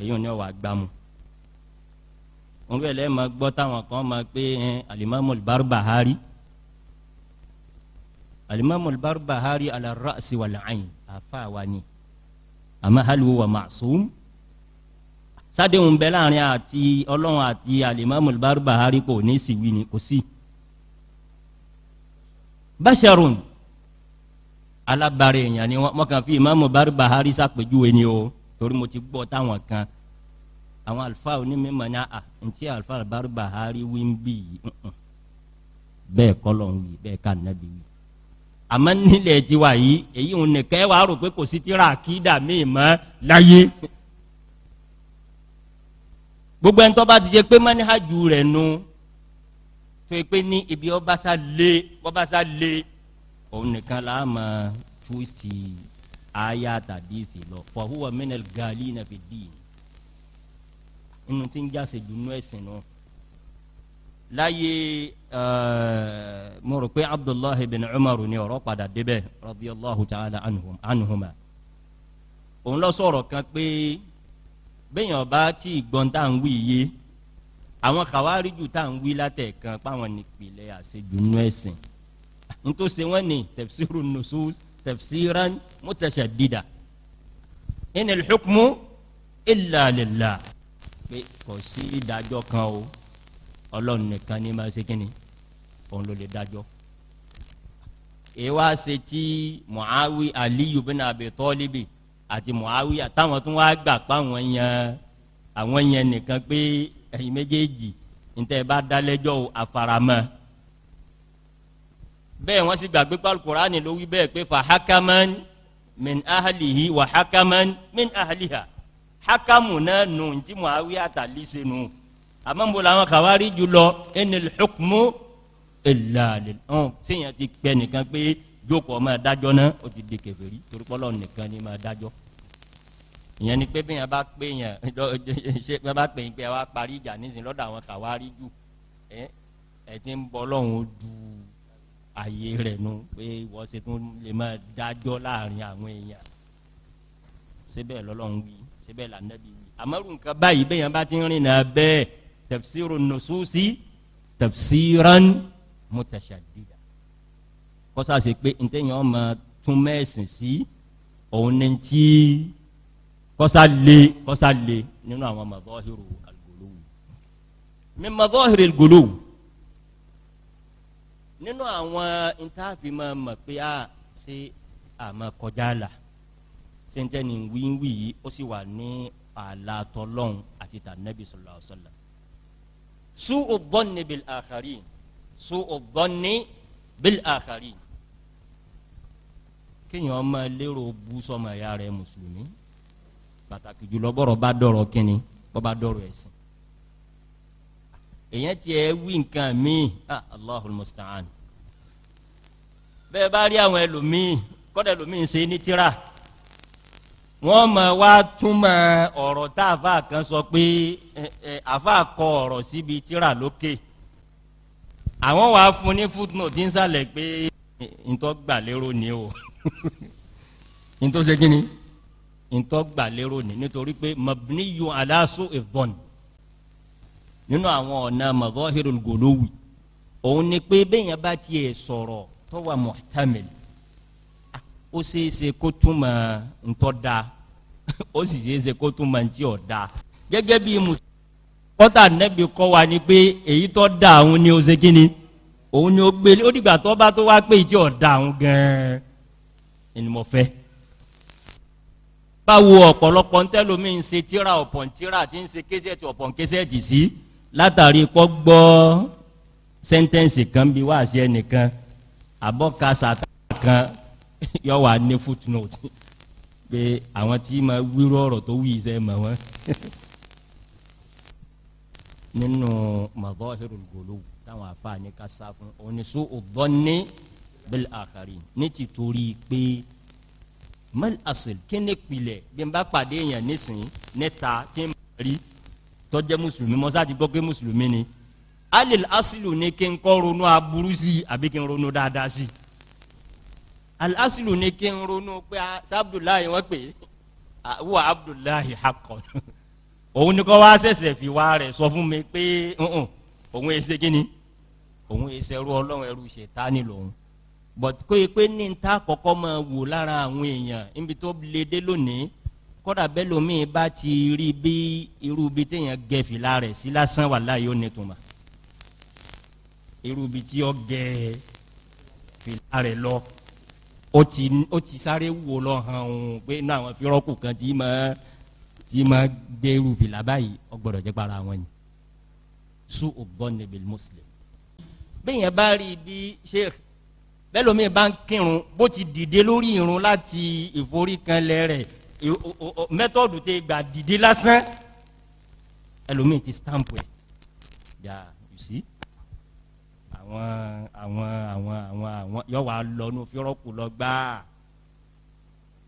èyí ni ọwọ́ àgbàmù wọn bẹ lẹ́ẹ̀ máa gbọ́ táwọn kan máa pé alimami barbahari alimami barbahari ala ra'si wal ayn àfa wa ni àmọ́ hali wo wa ma'sum sádéhùn bẹ láàrin àti ọlọ́run àti alimami Barbahari kò ní síwí ni kò sí. basharun alábàárẹ̀ èèyàn ni wọ́n kàn fi imamu Barbahari sàpèjúwe ni o torí mo ti gbọ́ táwọn kan àwọn àlùfáà onímọ̀ ní àà ah, ntí àlùfáà Barbahari wí ń bì yìí bẹ́ẹ̀ kọ́lọ̀ ń wí bẹ́ẹ̀ ká nàbí wí. àmọ́ nílẹ̀ tiwa yìí èyí ń nìkẹ́ wàá rò pé kò sí tíra àkídà míì mọ́ láyé gbogbo ẹni tó bá ti jẹ pé mọ́níhàjú rẹ̀ nu tó yẹ pé ní ibi ọbaṣá lé ọbaṣá lé òun nìkan là á mọ túwìsì àyà tàbí ìfìlọ fọwọ́ mẹ́nẹ̀ gàlí náà fi dì í inú tí ń jáse jù nú ẹ̀sìn nù láyé eh, mo rò pé abdullahi bin umar ni ọ̀rọ̀ padà débẹ̀ radiyallahu ta'ala anhuma òun lọ sọ̀rọ̀ kan pé bẹ́yìn ọba tí ìgbọ́n tá à ń wí yé àwọn kàwáríjù tá à ń wí látẹ̀kan páwọn nípìnlẹ̀ àṣejùnú ẹ̀sìn nítòsí wọn ni tafsiru nusus tafsiran mutashaddida inil hukmu illa lillah pé kò sí ìdájọ́ kan o ọlọ́run nìkan ní máa ṣe kínni òun ló lè dájọ́ èyí ṣe tí muawi aliyu bin abi tọ́líbi àti muawiya táwọn tún wá gbà pa àwọn yẹn àwọn yẹn nìkan pé ẹ̀yin méjèèjì níta bá dálẹ́jọ́ o àfaramọ́ bẹ́ẹ̀ wọ́n sì gbàgbé pé ló wí bẹ́ẹ̀ pé fa hakaman min ahalihi wa hakaman min ahaliha hakamu náà nù ntí muawiya ta lise nù àmọ́ nbọ̀ làwọn kàwárí jùlọ enil hukmu ilàlè ọ̀n sèyàn ti pẹ́ nìkan pé jókòó ọmọ adájọ́ náà ó ti di kèfèrí torí pé nìkan ni máa dájọ́ ìyẹn ni pé bí yẹn bá pé yẹn ṣe bí yẹn bá pè yín pé wá parí ìjà nísìn lọ́dọ̀ àwọn kàwárí jù ẹ ẹ ti ń bọ ọlọ́run du ààyè rẹ̀ nu pé ìwọ ṣe tún lè máa dájọ́ láàrin àwọn èèyàn síbẹ̀ lọ́lọ́run wí síbẹ̀ lànàbí wí àmọ́rù nǹkan báyìí bẹ́ẹ̀ yẹn bá ti ń rìn náà bẹ́ẹ̀ tafsiru nususi tafsiran mutashadida kọ́sà ṣe pé ntẹ̀yìn ọmọ tún mẹ́sìn sí òun ní ti kọsa le kọsa le nínú àwọn madhahiru al-ghuluw min madhahiri al-ghuluw nínú àwọn ntaafi ma mọ̀ pé a ṣe àmọ́ kọjá la ṣe ń tẹ́ni wíwí yìí ó sì wà ní ààlà tọ́lọ́hún àti tànẹ́bí sallallahu alaihi wasallam su'u dhanni bil akharin su'u dhanni bil akharin kéèyàn máa lérò bú sọmọ ẹ̀yà rẹ̀ pàtàkì jùlọ bọ́rọ̀ bá dọ̀rọ̀ kínni bọ́ bá dọ̀rọ̀ ẹ̀sìn èyàn tiẹ̀ wí nǹkan míì ah Allahul musta'an bẹ́ẹ̀ bá rí àwọn ẹlòmíì kọ́dà ẹlòmíì ń ṣe ní tíra wọ́n mọ̀ wá túmọ̀ ọ̀rọ̀ tá àfa kan sọ pé àfa kọ ọ̀rọ̀ síbi tíra lókè àwọn wàá fún ní footnote tí ń sàlẹ̀ pé ntọ́ gbà lérò ni o ntọ́ ṣe kí ni ntọ́ gbà lérò ní nítorí pé mabniyu ala su'i dhann nínú àwọn ọ̀nà mazahirul guluwi òun ni pé bẹ́yẹn bá tiẹ̀ sọ̀rọ̀ tó wà muhtamil ó ṣeéṣe kó túmọ̀ ntọ́ da ó sì ṣeéṣe kó túmọ̀ ntí ọ̀ da gẹ́gẹ́ bí mùsùlùmí kọ́tà nẹ́bi kọ́ wa ni pé èyí tó da òun ni ó ṣe kí ni òun ni ó gbélé ó dìgbà tó bá tó wá pé ìjọ da òun gan-an ni mo fẹ́ báwo ọ̀pọ̀lọpọ̀ ń tẹ́lómi ń ṣe tíra ọ̀pọ̀n tíra àti ń ṣe késẹ́ẹ̀tì ọ̀pọ̀n késẹ́ẹ̀tì sí látàrí kọ́ gbọ́ sẹ́ńtẹ́ǹsì kan bí wá sí ẹnìkan àbọ̀ka sàtà kan yọ wà ní footnote pé àwọn tí ma wíró ọ̀rọ̀ tó wí iṣẹ́ mọ̀ wọ́n nínú madhahirul gulu táwọn afáàní ká sá fún oníṣòwò dọ́ni bil akharin ní ti torí pé mẹ́lì asil kí ni pilẹ̀ bí n bá pàdé èèyàn nísìnyí níta tí n rí tọ́jẹ́ mùsùlùmí mọ́sáàtì gbọ́ pé mùsùlùmí ni alil asilu ni kí n kọ́ ronú aburú sí i àbí kí n ronú dáadáa sí i alil asilu ni kí n ronú pé sábdùláyì ah, wọ́n pè é wọ́n abdùláyì akọ òun ni kọ́ wá sẹ̀sẹ̀ fi wá rẹ̀ sọ fún mi pé òun èsè kí ni òun èsè ru ọlọ́run ẹrú ṣètánì lòun but kó yẹ pé ní ta kọ́kọ́ máa wò lára àwọn èèyàn níbi tó lè dé lónìí kódà bẹ́ẹ̀ lómi bá ti rí bí irú bí téèyàn gẹ fìlà rẹ̀ sí lásán wàláhì ó ní tuma irú bí tí ó gẹ fìlà rẹ̀ lọ ó ti ó ti sáré wò lọ hàn òun pé inú àwọn fírọ́kù kan tí máa tí máa gbé irú fìlà báyìí ó gbọ́dọ̀ jẹ́ para wọn ni sùn ò níbi mùsùlùmí. bẹ́ẹ̀ yẹn bá rí bí sheikh bẹ́ẹ̀ lómi bá ń kírun bó ti dìde lórí irun láti ìforíkanlẹ̀ rẹ̀ mẹ́tọ́ọ̀dù tẹ gbà dìde lásán ẹlòmíì ti stamp ẹ̀ yà you see àwọn àwọn àwọn àwọn àwọn yọ wà lọ́nu fírọ́kù lọ gbáà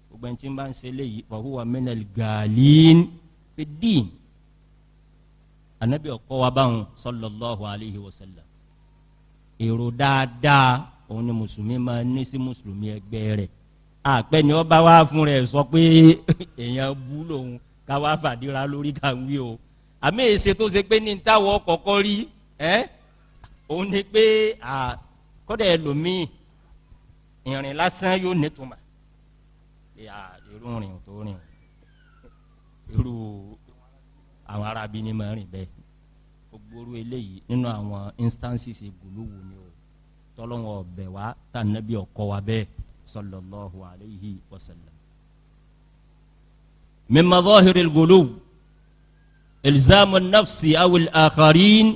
gbogbo ẹni tí ń bá ń ṣe léyìí fahuwa minal gaalin fi dín anabi ọkọ wa báwọn sallallahu alayhi wa sallam èrò dáadáa òun ni mùsùlùmí máa ní sí mùsùlùmí ẹgbẹ́ rẹ̀ àpẹ ni ọba wa fún rẹ̀ sọ pé èèyàn bú lòun ká wá fàdíra lórí ká ń o àmì èsè tó ṣe pé ní táwọn kọ̀ọ̀kan rí ẹ́ òun ni pé kódà ẹlòmíì ìrìn lásán yóò nítumọ̀ irú rìn tó rìn irú àwọn arábí ni máa rìn bẹ́ẹ̀ gbogbo eléyìí nínú àwọn instances gòlówó ni o tɔlɔŋɔ ọ̀bẹ̀ wa tá nàbí ọ̀kọ́ wa bẹ́ẹ̀ sɔlɔlɔhu alayhi wa sallam. min madhahir al-ghuluw ilzamu nafsi awil akharin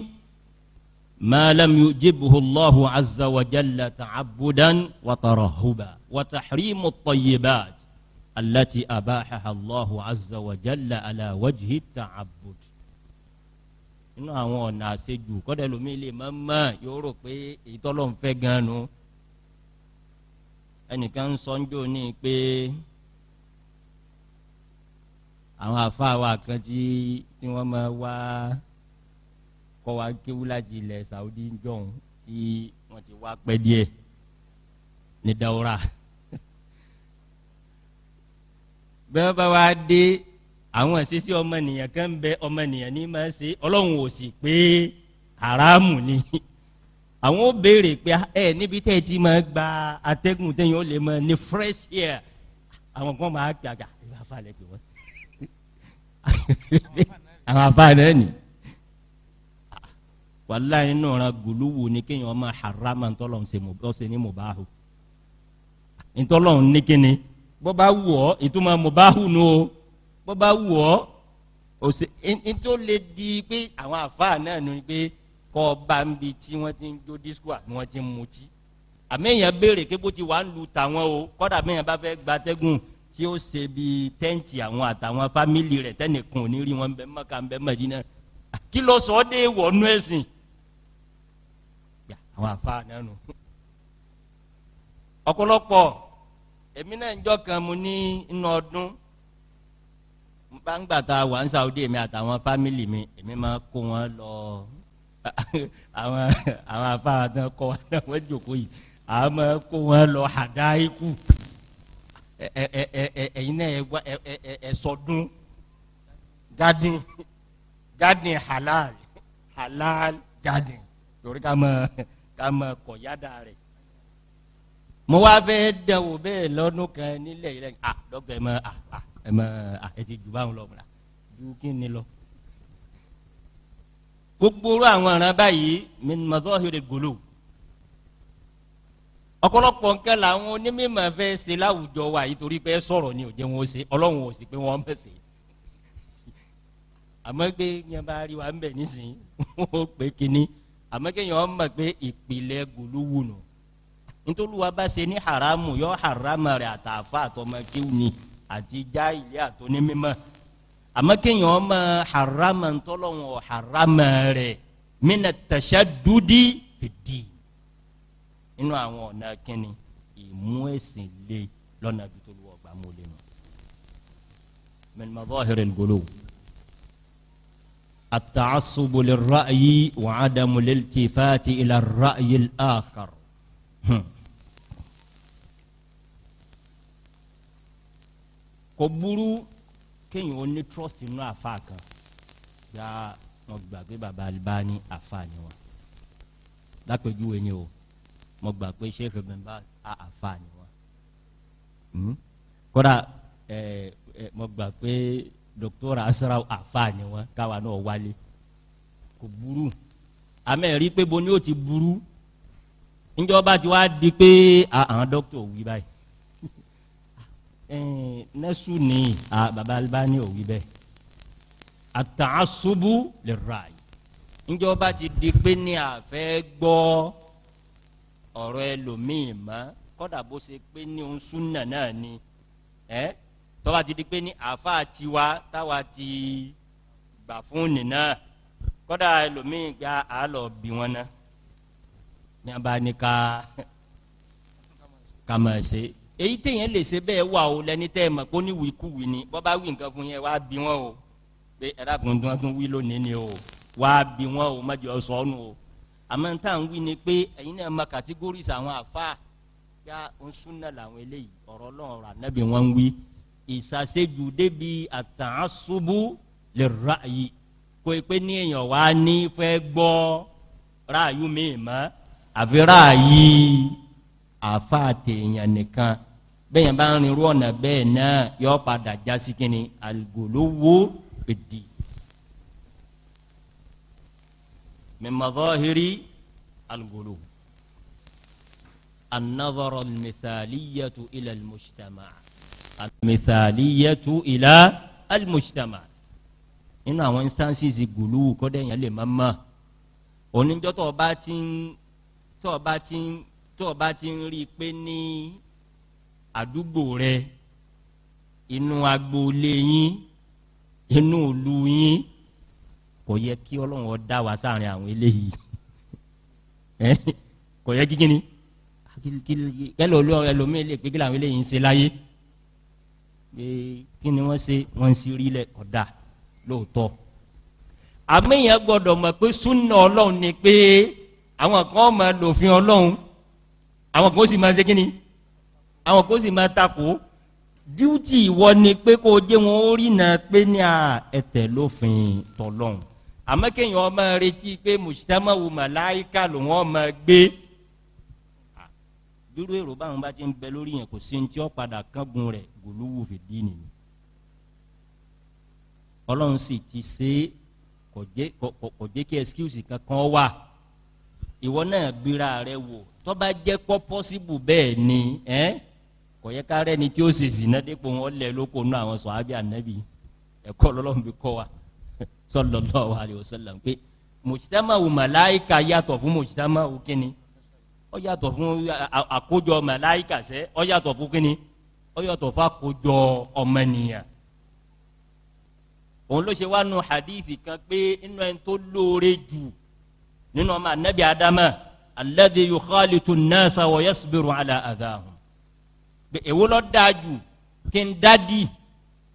ma lam yujibhu allahu aza wa jalla ta'abudan wa tarahuba wa tahrimu at alati allati abahaha allahu aza wa jala ala wajhi ta'abud. inú àwọn ọ̀nà àṣejù kọ́dẹ̀ lómi lè mọ́ mọ́ yóò rò pé ìtọ́lọ́hún fẹ́ gan nu ẹnìkan ń sọ ń jò ní pé àwọn àfáà wa kan tí tí wọ́n máa wá kọ́ wa kéwú láti ilẹ̀ Saudi jọ̀hún tí wọ́n ti wá pẹ́ díẹ̀ ní Daura bẹ́ẹ̀ bá wa dé àwọn ìṣesí ọmọnìyàn kan ń bẹ ọmọnìyàn ní máa ṣe ọlọ́run ò sì pé haramu ni àwọn ó béèrè pé ẹ níbi tẹ́ ẹ ti máa gba atẹ́gùn tẹ́yìn ó lè máa ní fresh air àwọn kan máa gbàgbà ìwà falẹ̀ pé wọ́n àwọn afáàlẹ́ ni wàláyé náà ra gòlúwò ni kéèyàn ọmọ harama ntọ́lọ́hún ṣe ní mubahu ntọ́lọ́hún ní kíni bọ́ bá wù ọ́ ìtumọ̀ mubahu nù o. No bó bá wù ọ́ òsè ní tó lè di pé àwọn àfáà náà nu pé kọ́ bá ń bi tí wọ́n ti ń jó disco àbí wọ́n ti ń mutí àmẹ́yìn béèrè pé bó ti wà ń lu tàwọn o kọ́dà àmẹ́yìn bá fẹ́ gbatẹ́gùn tí ó ṣe bí tẹ́ǹtì àwọn àtàwọn fámìlì rẹ̀ tẹ́nìkan ò wọn bẹ́ẹ̀ mọ́ka bẹ́ẹ̀ mẹ́dínà kí ló sọ ọ́ dé wọ̀nú ẹ̀sìn àwọn àfáà náà nù ọ̀pọ̀lọpọ̀ èmi náà ń jọ́ kan mo ní inú ọdún gbangbata wà ń Saudi mi àtàwọn fámìlì mi èmi máa kó wọn lọ àwọn àwọn afáwọn náà kọ wọn náà wọn jòkó yìí àwọn máa kó wọn lọ hadaiku ẹ̀yin náà ẹ sọdún garden garden halal halal garden torí ká máa ká máa kọ̀ yádà rẹ̀ mo wá fẹ́ dẹ̀wò bẹ́ẹ̀ lọ́dún kan nílẹ̀ yìí lẹ́yìn ah dọ́gba ah ah ẹ mọ ẹ ti jù báwọn lọ mọ ju kí ni lọ. gbogbo àwọn ọ̀ràn báyìí mọ̀tò ọ̀hìnrè gòlò ọ̀pọ̀lọpọ̀ nǹkan làwọn onímọ̀ fẹ́ ṣe láwùjọ wa yìí torí pé sọ̀rọ̀ ni òjẹ́ wọn ṣe ọlọ́run ò sì pé wọ́n bẹ̀ ṣe àmọ́ pé yẹn bá rí wa ń bẹ̀ nísìnyí wọ́n ó kínní àmọ́ kéèyàn mọ̀ pé ìpìlẹ̀ gòlówó nù nítorí wa bá ṣe ní haramu yọ haramu rẹ̀ àtàfà àtọmọ kéwù ni àti já ilé àtòní mímọ́ àmọ́ kéèyàn ọmọ harama ntọ́lọ́wọ̀n harama rẹ̀ mina tashaddudi fid-din inú àwọn ọ̀nà kínní ìmú ẹ̀sìn lé lọ́nà bí tó lọ́wọ́ gbà mọ́lẹ̀ nù. min madahiri al-ghuluw rayi wa 'adamu lil rayi al kò burú kéèyàn ó ní trust inú àfa kan yá wọn gbà pé baba Albani àfa ni wọn lápèjúwe ni o mo gbà pé Sheikh Ibn Baz àfa ni wọn hmm? kódà mo gbà pé dókítà Asrau àfa ni wọn káwa náà wálé kò burú àmẹ́ rí pé bo ni ó ti burú níjọba ti wá di pé ah, àwọn dókítà ò wí báyìí Eh, nẹ́sù ni baba Albani ò wí bẹ́ẹ̀ àtàásùbù lè ra yìí njọba ti di pé ní àfẹ́ gbọ́ ọ̀rọ̀ ẹlòmíì mọ́ kọ́dà bó ṣe pé ní òun súnà náà ni ẹ́ tọ́ba ti di pé ní àfa tiwa táwa ti gbà fún nìna kọ́dà ẹlòmíì gba àlọ́ bí wọn ná ní abánika kàmá ṣe èyí téèyàn lè ṣe bẹ́ẹ̀ wà o lẹni tẹ́ ẹ mọ̀ pé ní wìkúwì ni bọ́ bá wí nǹkan fún yẹn wá bí wọn o pé ẹ̀rọ àkùnrin tó wí lónìí ni o wá bí wọn o má jọ sọ ọ́nù o àmọ́ tá à ń wí ni pé ẹ̀yin náà mọ kàtígórìsì àwọn àfa yá ń súnà làwọn eléyìí ọ̀rọ̀ ọlọ́run ọ̀rọ̀ ànábì wọn ń wí ìsàsẹ́jù débi àtàásùbù lè ra yìí kó pé ní èèyàn wá ní fẹ́ gbọ́ ráàyù mi àfi ráàyè àfa àtẹ̀yàn nìkan bẹ́yẹn bá ń rin irú ọ̀nà bẹ́ẹ̀ náà yọ padà já sí kínní algolowo èdè mimadọ́hiri algolo anadọ́rọ̀ mithaliyatu ila almujtama mithaliyatu ila almujtama nínú àwọn instances golowo kọ́dẹ̀yìn alẹ́ mama oníjọ́tọ̀ ọba ti ń tọ́ ti ń tọ́ ti ń rí i àdúgbò rẹ inú agboolé yín inú ìlú yín kò yẹ kí ọlọ́run ó wa sáàrin àwọn eléyìí kò yẹ kíkíni kẹlẹ ẹlòmíín lè pé kí làwọn eléyìí ń ṣe láyé kí ni wọ́n ṣe wọ́n ń ṣe rí lẹ̀ ọ̀dà lóòótọ́ àmìyàn gbọ́dọ̀ mọ̀ pé súnà ọlọ́run ni pé àwọn kan máa lòfin ọlọ́run àwọn kan ó sì máa ṣe kíni àwọn kò sì máa takò díútì ìwọ ni pé kó jẹ́ wọn ó rí na pé ní ẹ̀tẹ̀ lófin tọlọ́hun àmọ́ kéèyàn ọmọ retí pé mùsítẹ́mọ̀ wù màláìka lòun ọmọ gbé dúró èrò báwọn bá ti ń bẹ lórí yẹn kò sí ní tí ó padà kángun rẹ̀ gòlúwù fìdí nìyí ọlọ́run sì ti ṣe kò jẹ́ kí excuse kankan wà ìwọ náà bíra rẹ wò tó bá jẹ́ pọ́ possible ni ẹ́ eh? kọ̀yẹ́ kárẹ́ ni tí ó ṣe sì náà dépò wọn lẹ̀ lóko nú àwọn sọ̀hábí ànábì ẹ̀kọ́ lọ́lọ́run fi kọ́ wa sallallahu alaihi wasallam pé mujtama'u màláìka yàtọ̀ fún mujtama'u kínní ó yàtọ̀ fún àkójọ màláìka sẹ́ ó fún kínní ó fún àkójọ ọmọnìyàn òun ló ṣe wá nu hadithi kan pé inú ẹni tó lóore jù nínú ọmọ ànábì adama alladhi yukhalitu an-nasa wa yasbiru ala adhahum èwo lọ dáa kí n dá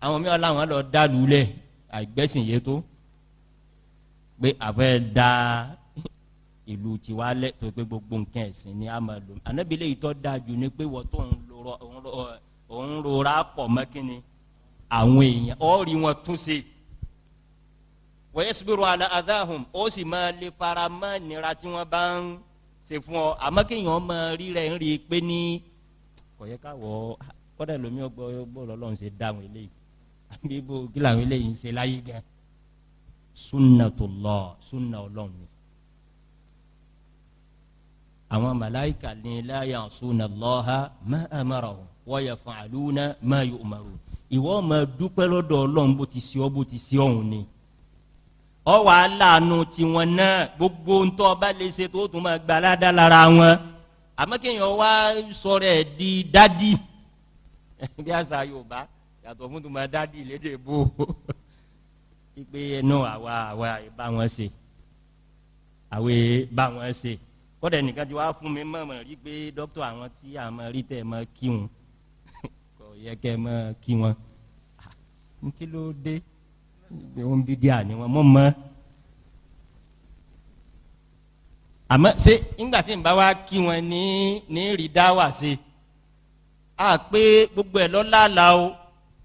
àwọn mìíràn làwọn lọ dá lulẹ̀ àìgbẹ́sìn yé tó pé àfẹ́ da ìlú tiwa lẹ tó pé gbogbo nǹkan ẹ̀sìn ni a máa lò anábìlẹ̀ yìí tó dáa ni pé wọ́n tó ń rora pọ̀ mọ́ kínni àwọn èèyàn ọ́ rí wọn tún ṣe wọ́yẹ́sibirù àlà adáhùn ó sì máa lè fara mọ́ nira tí wọ́n bá ń ṣe fún ọ àmọ́ kéèyàn máa rí rẹ̀ ń rí i pé ní yẹ káwọ kọ́dà lómi ọgbọ́ bọ́ọ̀lù ọlọ́run ṣe dáhùn eléyìí àbí bó kí làwọn eléyìí ń ṣe láyé gan sunnatullah sunna ọlọ́run ni àwọn màláìkà ní la ya'sunallaha ma amarahum wa yaf'aluna ma yu'marun ìwọ máa dúpẹ́ lọ́dọ̀ ọlọ́run bó ti ṣe ọ́ bó ti ṣe ọ̀hún ni ọwọ́ aláàánú tiwọn náà gbogbo ntọ́ bá lè ṣe tó tún máa gbaládá lára wọn àmọ́ kéèyàn wá sọ̀rọ̀ ẹ̀ di dádì bí àṣà Yorùbá yàtọ̀ fún tuma dádì lédè bò pípé ẹnu àwa àwa bá wọn ṣe àwa bá wọn ṣe kọ́dà nìkan ti wá fún mi mọ̀mọ́ rí pé dókítà àwọn tí a máa rí tẹ̀ máa kí wọn kò yẹ kẹ́ ẹ máa kí wọn ah, kí ló dé ìgbéwọ́n bídíà ni wọ́n mọ̀ mọ́. àmọ́ ṣé nígbà tí n bá wá kí wọn ní ní rí dá wà sí i a pé gbogbo ẹ̀ lọ́làlà o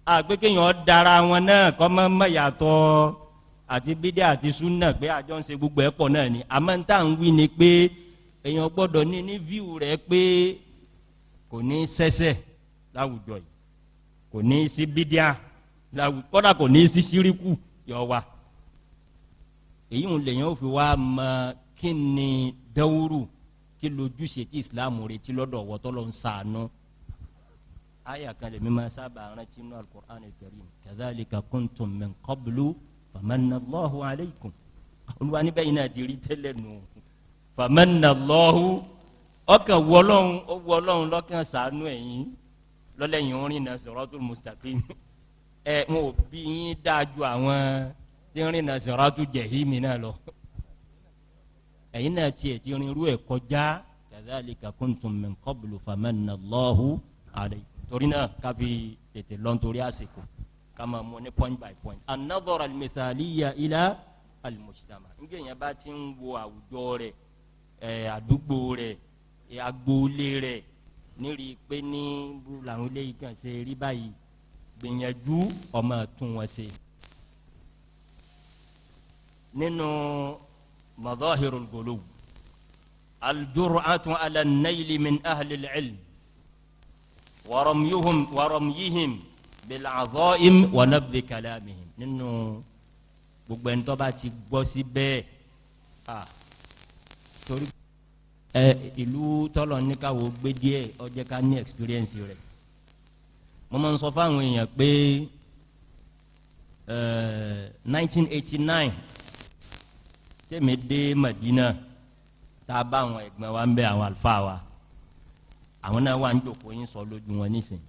a pé kéèyàn dara wọn náà kọ́ mọ́ mọ́ yàtọ̀ àti bídẹ́ àti súnà pé àjọ ń ṣe gbogbo ẹ̀ pọ̀ náà ni àmọ́ n tà ń wí ni pé èèyàn gbọ́dọ̀ ní ní fíìwù rẹ̀ pé kò ní sẹ́sẹ̀ láwùjọ yìí kò ní sí bídíà kọ́dà kò ní sí síríkù yọ wa èyí ń lèyàn ò fi wá mọ kí ni dawuru kí lójúṣe tí islam retí lọ́dọ̀ wọ́tọ́ ló ń sànú. aya kan lè mi máa sábà rántí inú alukur'an karim kadhalika kuntum min qablu famanna allahu alaykum olúwa níbẹ̀ yìí náà ti rí tẹ́lẹ̀ nù famanna ọkàn wọlọ́hún ó wọlọ́hún lọ́kàn sànú ẹ̀yìn lọ́lẹ́yìn orin náà siratul mustaqim ẹ̀ wọn ò yín dáa àwọn tí ń rìn náà siratu jahimi náà lọ ẹ̀yin náà tiẹ̀ ti rin irú ẹ̀ kọjá kadhalika kuntum min qablu famanna Allahu alaykum torí náà káfí tètè lọ́n àsìkò kama mo ní point by point an-nadhara al-mithaliya ila al-mujtama nígbà yẹn bá ti ń wo àwùjọ rẹ̀ ẹ̀ àdúgbò rẹ̀ agboolé rẹ̀ nírí pé ní làwọn eléyìí kan ṣe rí báyìí gbìyànjú ọmọ tún wọn ṣe nínú. No, مظاهر الغلو الجرأة على النيل من أهل العلم ورميهم ورميهم بالعظائم ونبذ كلامهم nínú gbogbo ẹni tó bá ti gbọ́ sí bẹ́ẹ̀ à torí ẹ ìlú tọ́lọ̀ ní káwọ́ gbé díẹ̀ ó jẹ́ ká ní experience rẹ̀ mo máa ń sọ fáwọn èèyàn pé nineteen eighty nine tèmi dé Madina tá a bá àwọn ẹ̀gbọ́n wa ń bẹ àwọn àlùfáà wa àwọn náà wà ń jòkó yín sọ lójú wọn nísìnyí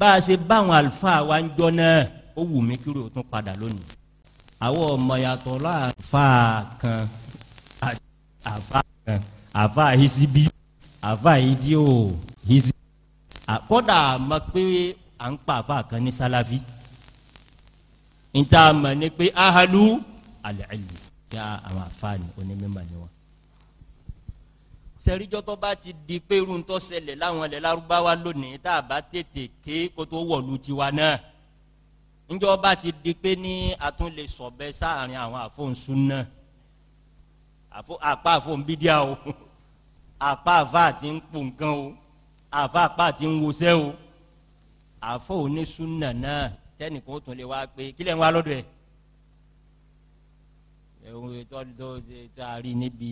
bá a ṣe báwọn àlùfáà wa ń jọ náà ó wù mí kí ló tún padà lónìí àwọn ọmọ yàtọ̀ láàfáà kan àfáà kan àfáà hisibi àfáà idio hisibi kódà mọ̀ pé à ń pa àfáà kan ní sálàfí níta mọ̀ ní pé ahadu al-ilm yá àwọn àfààní onímọ̀ ni wọn. sẹ́ríjọ́ tó bá ti di pé irun tó ṣẹlẹ̀ láwọn ilẹ̀ lárúbáwá lónìí tá a bá tètè ké kó tó wọ̀lú tiwa náà níjọ́ bá ti di pé ní àtúnlẹ̀ sọ̀bẹ sáàrin àwọn àfọ̀nsún náà àpá àfọ̀nbídíà o àpá àfa àti ń nǹkan o àfa àpá àti ń o àfọ̀ náà náà tẹnìkan ó tún wa wá pé kílẹ̀ ń wá lọ́dọ̀ ẹ̀ ẹ̀hún tó tó a rí níbi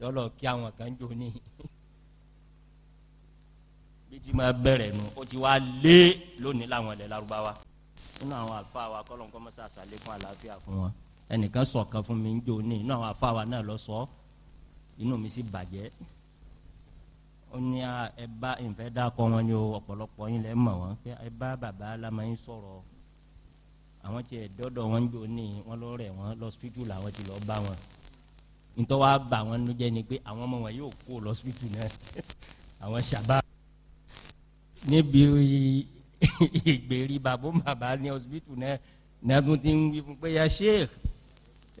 lọ́lọ́ kí àwọn kan jò ní bí ti máa bẹ̀rẹ̀ nù ó ti wá lé lónìí láwọn ilẹ̀ Lárúbáwá nínú àwọn àlùfáà wa kọ́lọ́n kọ́ mọ́sá àṣàlékún àlàáfíà fún wọn ẹnìkan sọ̀kan fún mi ń jò ní inú àwọn àlùfáà wa náà lọ sọ inú mi sì bàjẹ́ ó ní ẹ bá ìfẹ́ dákọ̀ wọn ni o ọ̀pọ̀lọpọ̀ yín lẹ́ mọ̀ wọ́n pé ẹ bá bàbá alámọ̀yìn sọ̀rọ̀ àwọn tiẹ̀ dọ́dọ̀ wọn jò ní wọn lọ rẹ̀ wọn lọ́sibítù làwọn ti lọ bá wọn ntọ́ wa bà wọn nu ni pé àwọn ọmọ wọn yóò kó lọ́sibítù náà àwọn sábà níbi ìgbèrí bàbá bàbá ní ọsibítù náà nàdún ti ń wí fún pé ya sheikh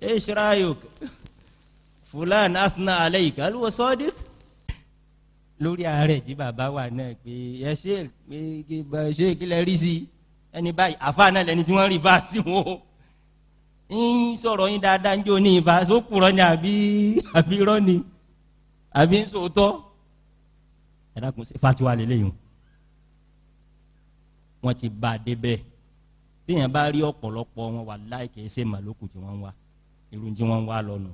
ẹ ṣe ra yòókù fúlàn asna alẹ́ ìkàlùwọ̀ sọ́ọ́dẹ́kù lórí ààrẹ tí bàbá wà náà pé ẹ ṣe pé ṣe kílẹ̀ rí sí ẹni báyìí àfa náà lẹni tí wọ́n rí fa wọn o ń sọ̀rọ̀ yín dáadáa ń jó ní ìfà sókùrọ̀ ni àbí àbí irọ́ ni àbí ń sòótọ́ ẹ dákun sí fatiwa lélẹ́yìn wọ́n ti bá a débẹ̀ téèyàn bá rí ọ̀pọ̀lọpọ̀ wọn wà láìkè ṣe màlúkù tí wọ́n wá irun tí wọ́n wá lọ́nu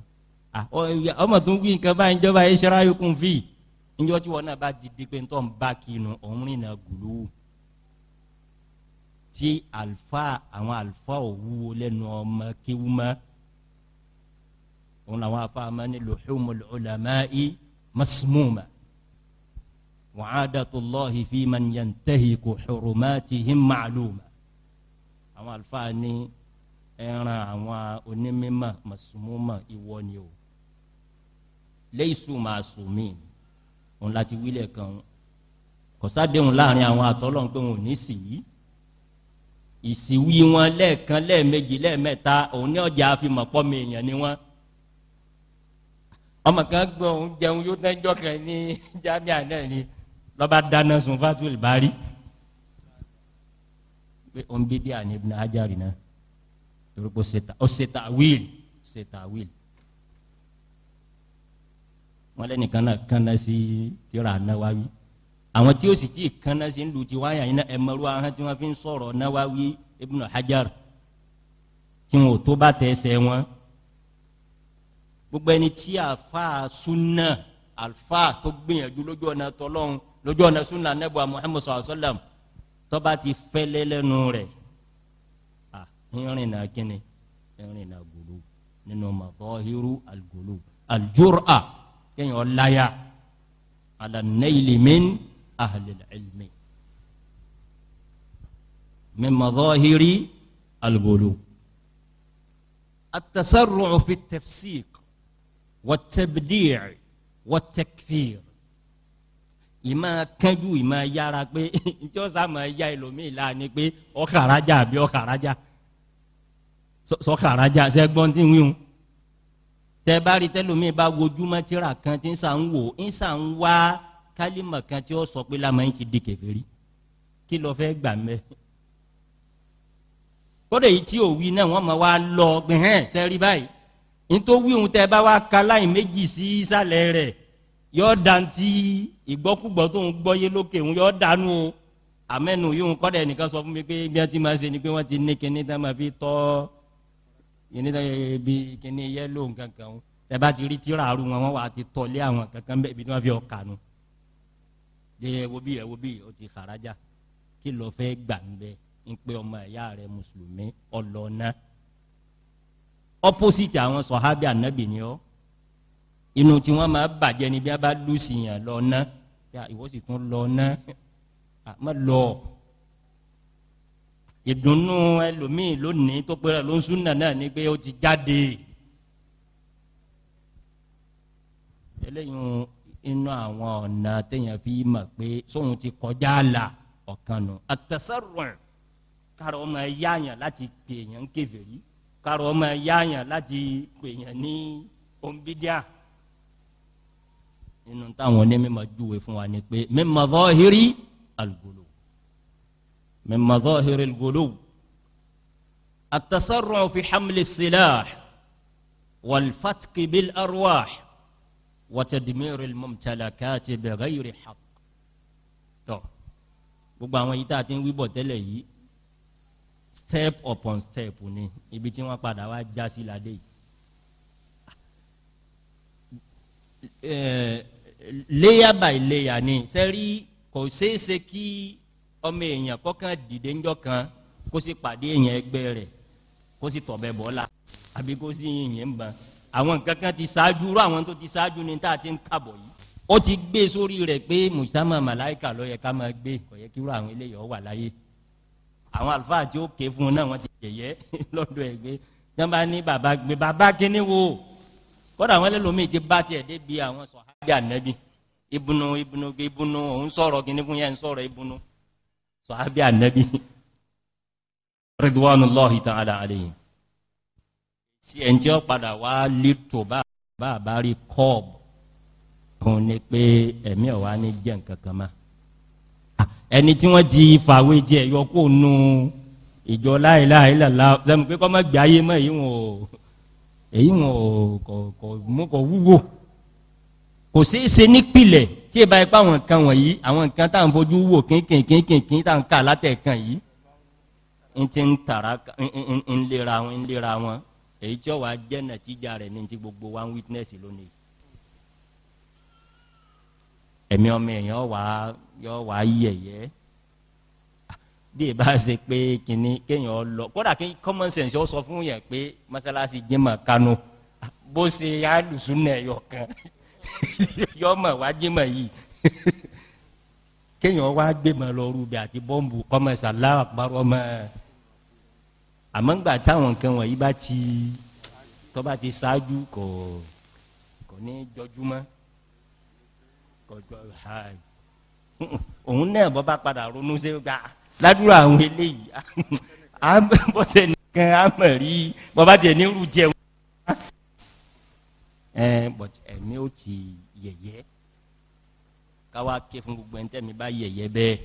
ọmọ tó ń wí nǹkan báyìí ìjọba ẹ ṣe ráyókùn fíì níjọ́ tí wọn náà bá dìde pé ntọ́ ń bá kinu òun rìn náà gùlù tí àlùfà àwọn àlùfà òwúwo lẹ́nu ọmọ kéwú mọ́ òun làwọn afa ma ní luhumul ulama'i masmuma wa'adatullahi fi man yantahiku hurumatihim ma'luma àwọn àlùfà ní ẹran àwọn onímọ̀ masmuma ìwọ ni o laysu ma'sumin òun láti wílẹ̀ kan kọ̀sádéhùn láàrin àwọn àtọ́lọ́n pé wọn ò ní sì yí ìsìwí wọn lẹ́ẹ̀kan lẹ́ẹ̀mejì lẹ́ẹ̀mẹ́ta òun ní ọjà àfimọ̀ pọ́ mi èèyàn ni wọ́n ọmọ kan gbọ́ òun jẹun yóò tẹ́jọ́ kan ní jamiu náà ni lọ́ba dáná sun fatul bari pé òun bí díà ní ibùdó ajá rìn náà torí pé ó ṣe ta wíìlì ṣe ta wíìlì wọn lẹ́nu kanna kanna sí tíra Nawawi àwọn tí ó sì tí kanna sí ń lu ti wáyà yín ẹ mọ̀rú ahọ́n tí wọ́n fi ń sọ̀rọ̀ Nawawi Ibn Hajar tí wọn ò tó bá tẹ̀ ẹsẹ̀ wọn gbogbo ẹni tí àfa sunna alfa tó gbìyànjú lójú ọ̀nà tọ́lọ́hún lójú ọ̀nà sunna nebà Muhammad sallallahu alayhi wa sallam tọ́ba ti fẹ́lẹ́ lẹ́nu rẹ̀ à ìrìn náà kíni ìrìn náà gòló nínú mọ̀tọ́ hírú àlùgòló àlùjúrà. kéèyàn láyà alànàìlì min ahlil ilmi min madahiri alghulu التسرع في التفسيق والتبديع والتكفير ìmọ̀ kánjú ìmọ̀ yára pé ìjọ sàmọ̀ ya ẹlòmíì la ni pé ọkàrájà àbí ọkàrájà sọkàrájà sẹgbọ́n tí ń wíwọ́n. tẹ bá rí tẹlómi bá wojúmọ́ tíra kan tí ń sà ń wò ń sà ń wá kálímọ̀ kan tí ó sọ pé lamọ̀ ń ti di kèfèrí kí lọ fẹ́ gbà mẹ́. kódà èyí tí ò wí náà wọ́n mọ̀ wá lọ gbẹ̀hẹ́n sẹ́rí báyìí nítorí wíwùn tẹ bá wá ka láì méjì sí ìsàlẹ̀ rẹ̀ yóò dantí ìgbọ́kúgbọ́ tó ń gbọ́ yé lókè òun yóò dànù o àmẹ́nu yóò kọ́dà ẹnìkan sọ fún mi pé bí wọ́n ti máa ṣe ni pé wọ́n ti ní kinní tá máa fi tọ́ ọ́ yìnyín tẹ bi kíní yẹlò kankan o tẹ bá ti rí tíra àrùn wọn wọn wà á ti tọ́lé àwọn kankan bẹ́ẹ̀ ibi tí wọ́n fi ọkà nu de wo bí yẹ wo bí o ti faraja kí lọ fẹ́ gbà ń bẹ ń pé ọmọ ẹ̀yà rẹ mùsùlùmí ọlọ́ọ̀nà opposite àwọn sọ̀hábì ànábì ni ọ́ inú tí wọ́n máa bàjẹ́ ni bí wọ́n bá lù sí yàn lọ́ọ̀nà ìwọ sì ìdùnnú ẹlòmíì lónìí tó pẹ́rẹ́ ló ń súnà náà ni pé ó ti jáde eléyìí inú àwọn ọ̀nà téèyàn fi mọ̀ pé sóun ti kọjá la ọ̀kan nù àtẹ̀sẹ̀rùn kárọ̀ ọmọ yáàyàn láti pè èèyàn kèfèrí kárọ̀ ọmọ yáàyàn láti pè èèyàn ní ombidia nínú táwọn onímọ̀ júwe fún wa ni pé mímọ̀ bọ́ hírí àlùkò من مظاهر القلوب التسرع في حمل السلاح والفتك بالأرواح وتدمير الممتلكات بغير حق gbogbo àwọn yìí tá a ti ń wíbọ̀ tẹ́lẹ̀ yìí step upon step ni ibi tí wọ́n padà wá já sí ládé yìí. Eh, layer by layer ni sẹ́rí kò ṣeé ṣe kí ọmọ èèyàn kọ́kàn dìde ńjọ́ kan kó sì pàdé èèyàn ẹgbẹ́ rẹ̀ kó sì tọ̀bẹ̀ bọ́ àbí kó sì yìnyín ń ban àwọn nǹkan ti ṣáájú rú àwọn tó ti ṣáájú ni tá a ti ń kàbọ̀ yìí ó ti gbé sórí rẹ̀ pé mùsàmà màláìkà ló yẹ ká máa gbé kò yẹ kí irú àwọn eléyìí ó wà láyé àwọn àlùfáà tí ó ké fún un náà wọ́n ti yẹ̀yẹ́ lọ́dọ̀ ẹ̀ gbé tí bá ní bàbá gbé bàbá kíní wo kódà àwọn ẹlẹ́lòmíì ti bá tiẹ̀ débi àwọn sọ̀hábì ànábì ibùnú ibùnú ibùnú òun sọ̀rọ̀ kíní fún yẹn sọ̀rọ̀ ibùnú sọ̀hábí ànẹ́bí ridwanullahi ta'ala alayhi sí ẹn tí ó padà wá lítò bá bá rí cob òun ni pé ẹ̀mí ọ̀wá ní jẹ́ nǹkan kan má ah, ẹni tí wọ́n ti fàwé jẹ́ ẹ̀yọ kó nu ìjọ láìláà ìlàlá sẹ́mu pé kọ́ má gbé ayé mọ́ èyí wọn ò èyí wọn ò kò mú kò wúwo kò sí í ṣe nípìlẹ̀ tí ì bá ipá àwọn nǹkan wọ̀nyí àwọn nǹkan tá à ń fojú wò kínkìnkínkìn tá à ń kà látẹ̀kan yìí ń ti ń tàrà ń lera wọn ń lera wọn èyí tí ọwọ́ ajẹ́ nàtíjà rẹ̀ ní ti gbogbo wa ń witness lónìí. ẹ̀mí ọmọ èèyàn wà yọ wà yẹ̀yẹ́ bí ì bá ṣe pé kínní kéèyàn lọ kódà kí common sense ó sọ fún yẹn pé mọ́sálásí jimoh kanu bó ṣe alùsùn náà yọ kan. yọmọ wá jímọ̀ yìí kéèyàn wá gbémọ lọrù bí àti bọ́ǹbù kọ́mọ̀sá láàpárọ̀ mọ́ àmọ́ ńgbà táwọn nǹkan wọ̀nyí bá ti tó bá ti ṣáájú kò kò ní jọjúmọ́ kò jọ ha òun náà bọ́ bá padà ronú sí gbà ah, ládùúrà àwọn eléyìí bọ́sẹ̀ nìkan á rí bọ́ bá tiẹ̀ ní rú jẹun ẹn but ẹ̀mí ó ti yẹ̀yẹ́ káwa ké fún gbogbo ẹni tẹ́mi bá yẹ̀yẹ́ bẹ́ẹ̀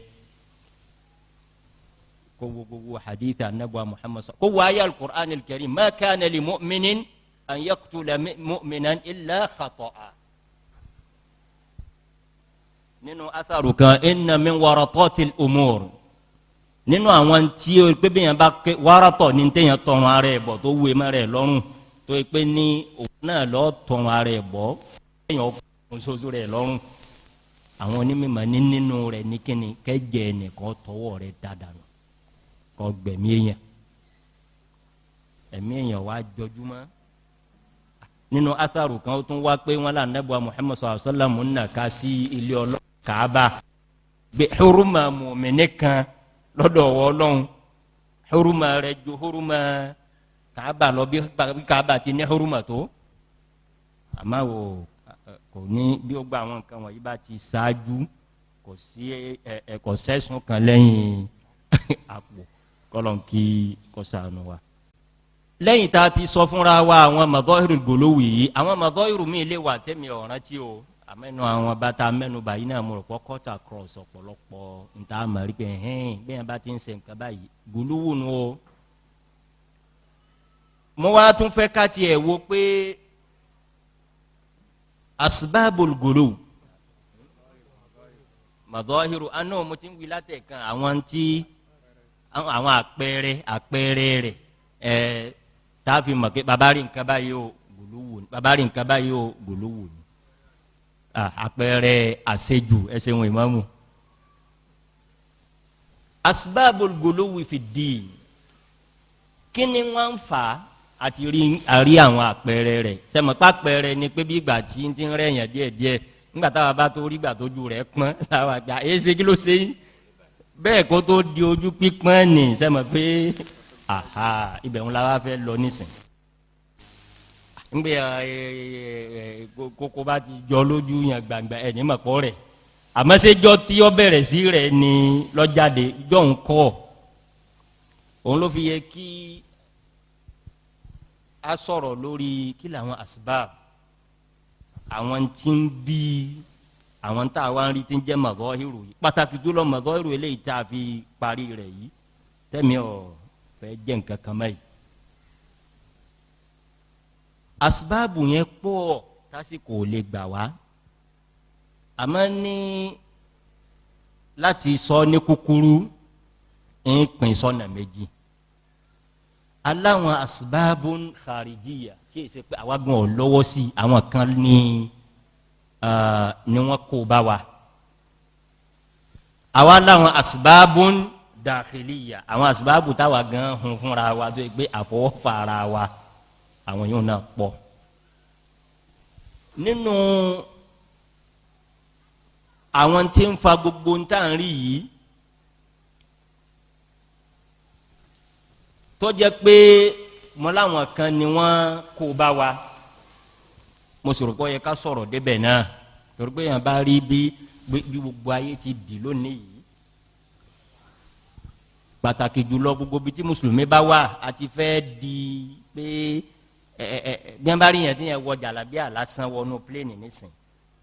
kó wo gbogbo hadith anabu muhammad sọ kó wo ayé alukur'an alkarim ma kana li mu'minin an yaqtula mu'minan illa khata'a nínú atharu kan inna min waratatil umur nínú àwọn tí o pé bí yẹn bá ké waratọ ní téèyàn tọrùn ara ẹ bọ tó wé mẹrẹ lọ́rùn. tó yẹ pé ní òun náà lọ tọrun ara ẹ̀ bọ́ ẹ̀yàn ọkùnrin soso rẹ̀ lọ́rùn àwọn onímọ̀ ní nínú rẹ̀ ní kíni kẹ́jẹ́ ẹnìkan tọwọ́ rẹ̀ dáadáa kọ́ gbẹ̀mí èèyàn ẹ̀mí èèyàn wá jọjúmọ́ nínú atharu kan ó tún wá pé wọn là nẹ́bùa ń nà huruma kan lọ́dọ̀ ọlọ́run huruma ju huruma kàábà lọ bí kàábà ti ní huruma to ama o kò ní bí ó gba àwọn nǹkan wọ̀nyí bá ti ṣáájú kò sí ẹ̀kọ́ sẹ́sùn kan lẹ́yìn àpò kọlọ̀nkì kọsànù wa. lẹ́yìn tá a ti sọ fúnra wa àwọn mọ̀gọ́rù gbòlówì yìí àwọn mọ̀gọ́rù mi lè wà tẹ́mi ọ̀ràn tí o àmẹ́nu àwọn bàtà mẹ́nuba yìí náà mo rò pọ́ kọ́tà cross ọ̀pọ̀lọpọ̀ nta àmàrí pé hẹ́n bẹ́ẹ̀ bá ti ń ṣe nǹkan báyìí gbòlówù nu o mo wá tún fẹ́ ká tiẹ̀ wo pé asbabul gulu madahiru aná mo ti ń wí látẹ̀kan àwọn tí àwọn àpẹẹrẹ àpẹẹrẹ rẹ̀ ẹ̀ tá a fi mọ̀ pé baba nǹkan báyìí o gulu wù ní baba nǹkan báyìí o gulu wù ní àpẹẹrẹ àṣejù ẹsẹ̀ wọn ìmọ̀mù asbabul gulu fi dì kí ni wọ́n ń fà á àti rí àwọn àpẹẹrẹ rẹ̀ sẹ́mọ̀pá àpẹẹrẹ ni pé bí ìgbà tí ń ti ń rẹ̀yàn díẹ̀díẹ̀ nígbà táwa bá tó rí ìgbà tójú rẹ̀ pọ́n táwa gbà èyí ṣe kí ló ṣe yín bẹ́ẹ̀ kó tó di ojú pípọ́n nì sẹ́mọ̀ pé àhà ibẹ̀ ń la wá fẹ́ lọ nísìn ngbe koko bá ti jọ lójú yàn gbàngbà ẹ̀ ní mọ̀kọ́ rẹ̀ àmọ́sẹ́jọ́ tí ó bẹ̀rẹ̀ sí rẹ̀ ni lọ́jáde jọ̀ ń kọ́ òun ló fi yẹ kí a sọ̀rọ̀ lórí kí làwọn asbab àwọn tí ń bí àwọn tá a wá ń rí tí ń jẹ́ mọ̀gọ́ hírò yìí pàtàkì jùlọ mọ̀gọ́ hírò eléyìí tá a fi parí rẹ̀ yìí tẹ́mi ọ̀ fẹ́ jẹ́ nǹkan kan mẹ́yìí. asbáàbù yẹn pọ̀ tásìkò lè gbà wá àmọ́ ní láti sọ ní kúkúrú ń pín sọ́nà méjì aláwọn asibabun kharijiya tí èsì pé àwa gan ọ lọ́wọ́ sí àwọn kan ní ni wọ́n kó bá wa àwa láwọn asibabun dakhiliya àwọn asibabu táwa gan hun wa tó yẹ pé àfọwọ́fà ara wa àwọn yóò náà pọ̀ nínú àwọn tí ń fa gbogbo ń tà rí yìí tó jẹ́ pé mo láwọn kan ni wọ́n kó bá wa mo sọ̀rọ̀ pé ó yẹ ká sọ̀rọ̀ débẹ̀ náà torí pé yàn bá rí bí gbogbo ayé ti dì lónìí yìí pàtàkì jùlọ gbogbo bí tí mùsùlùmí bá wà á ti fẹ́ di pé bí wọ́n bá rí yàn tí yẹn wọ jàlábíà lásán wọnú pléènì nísìn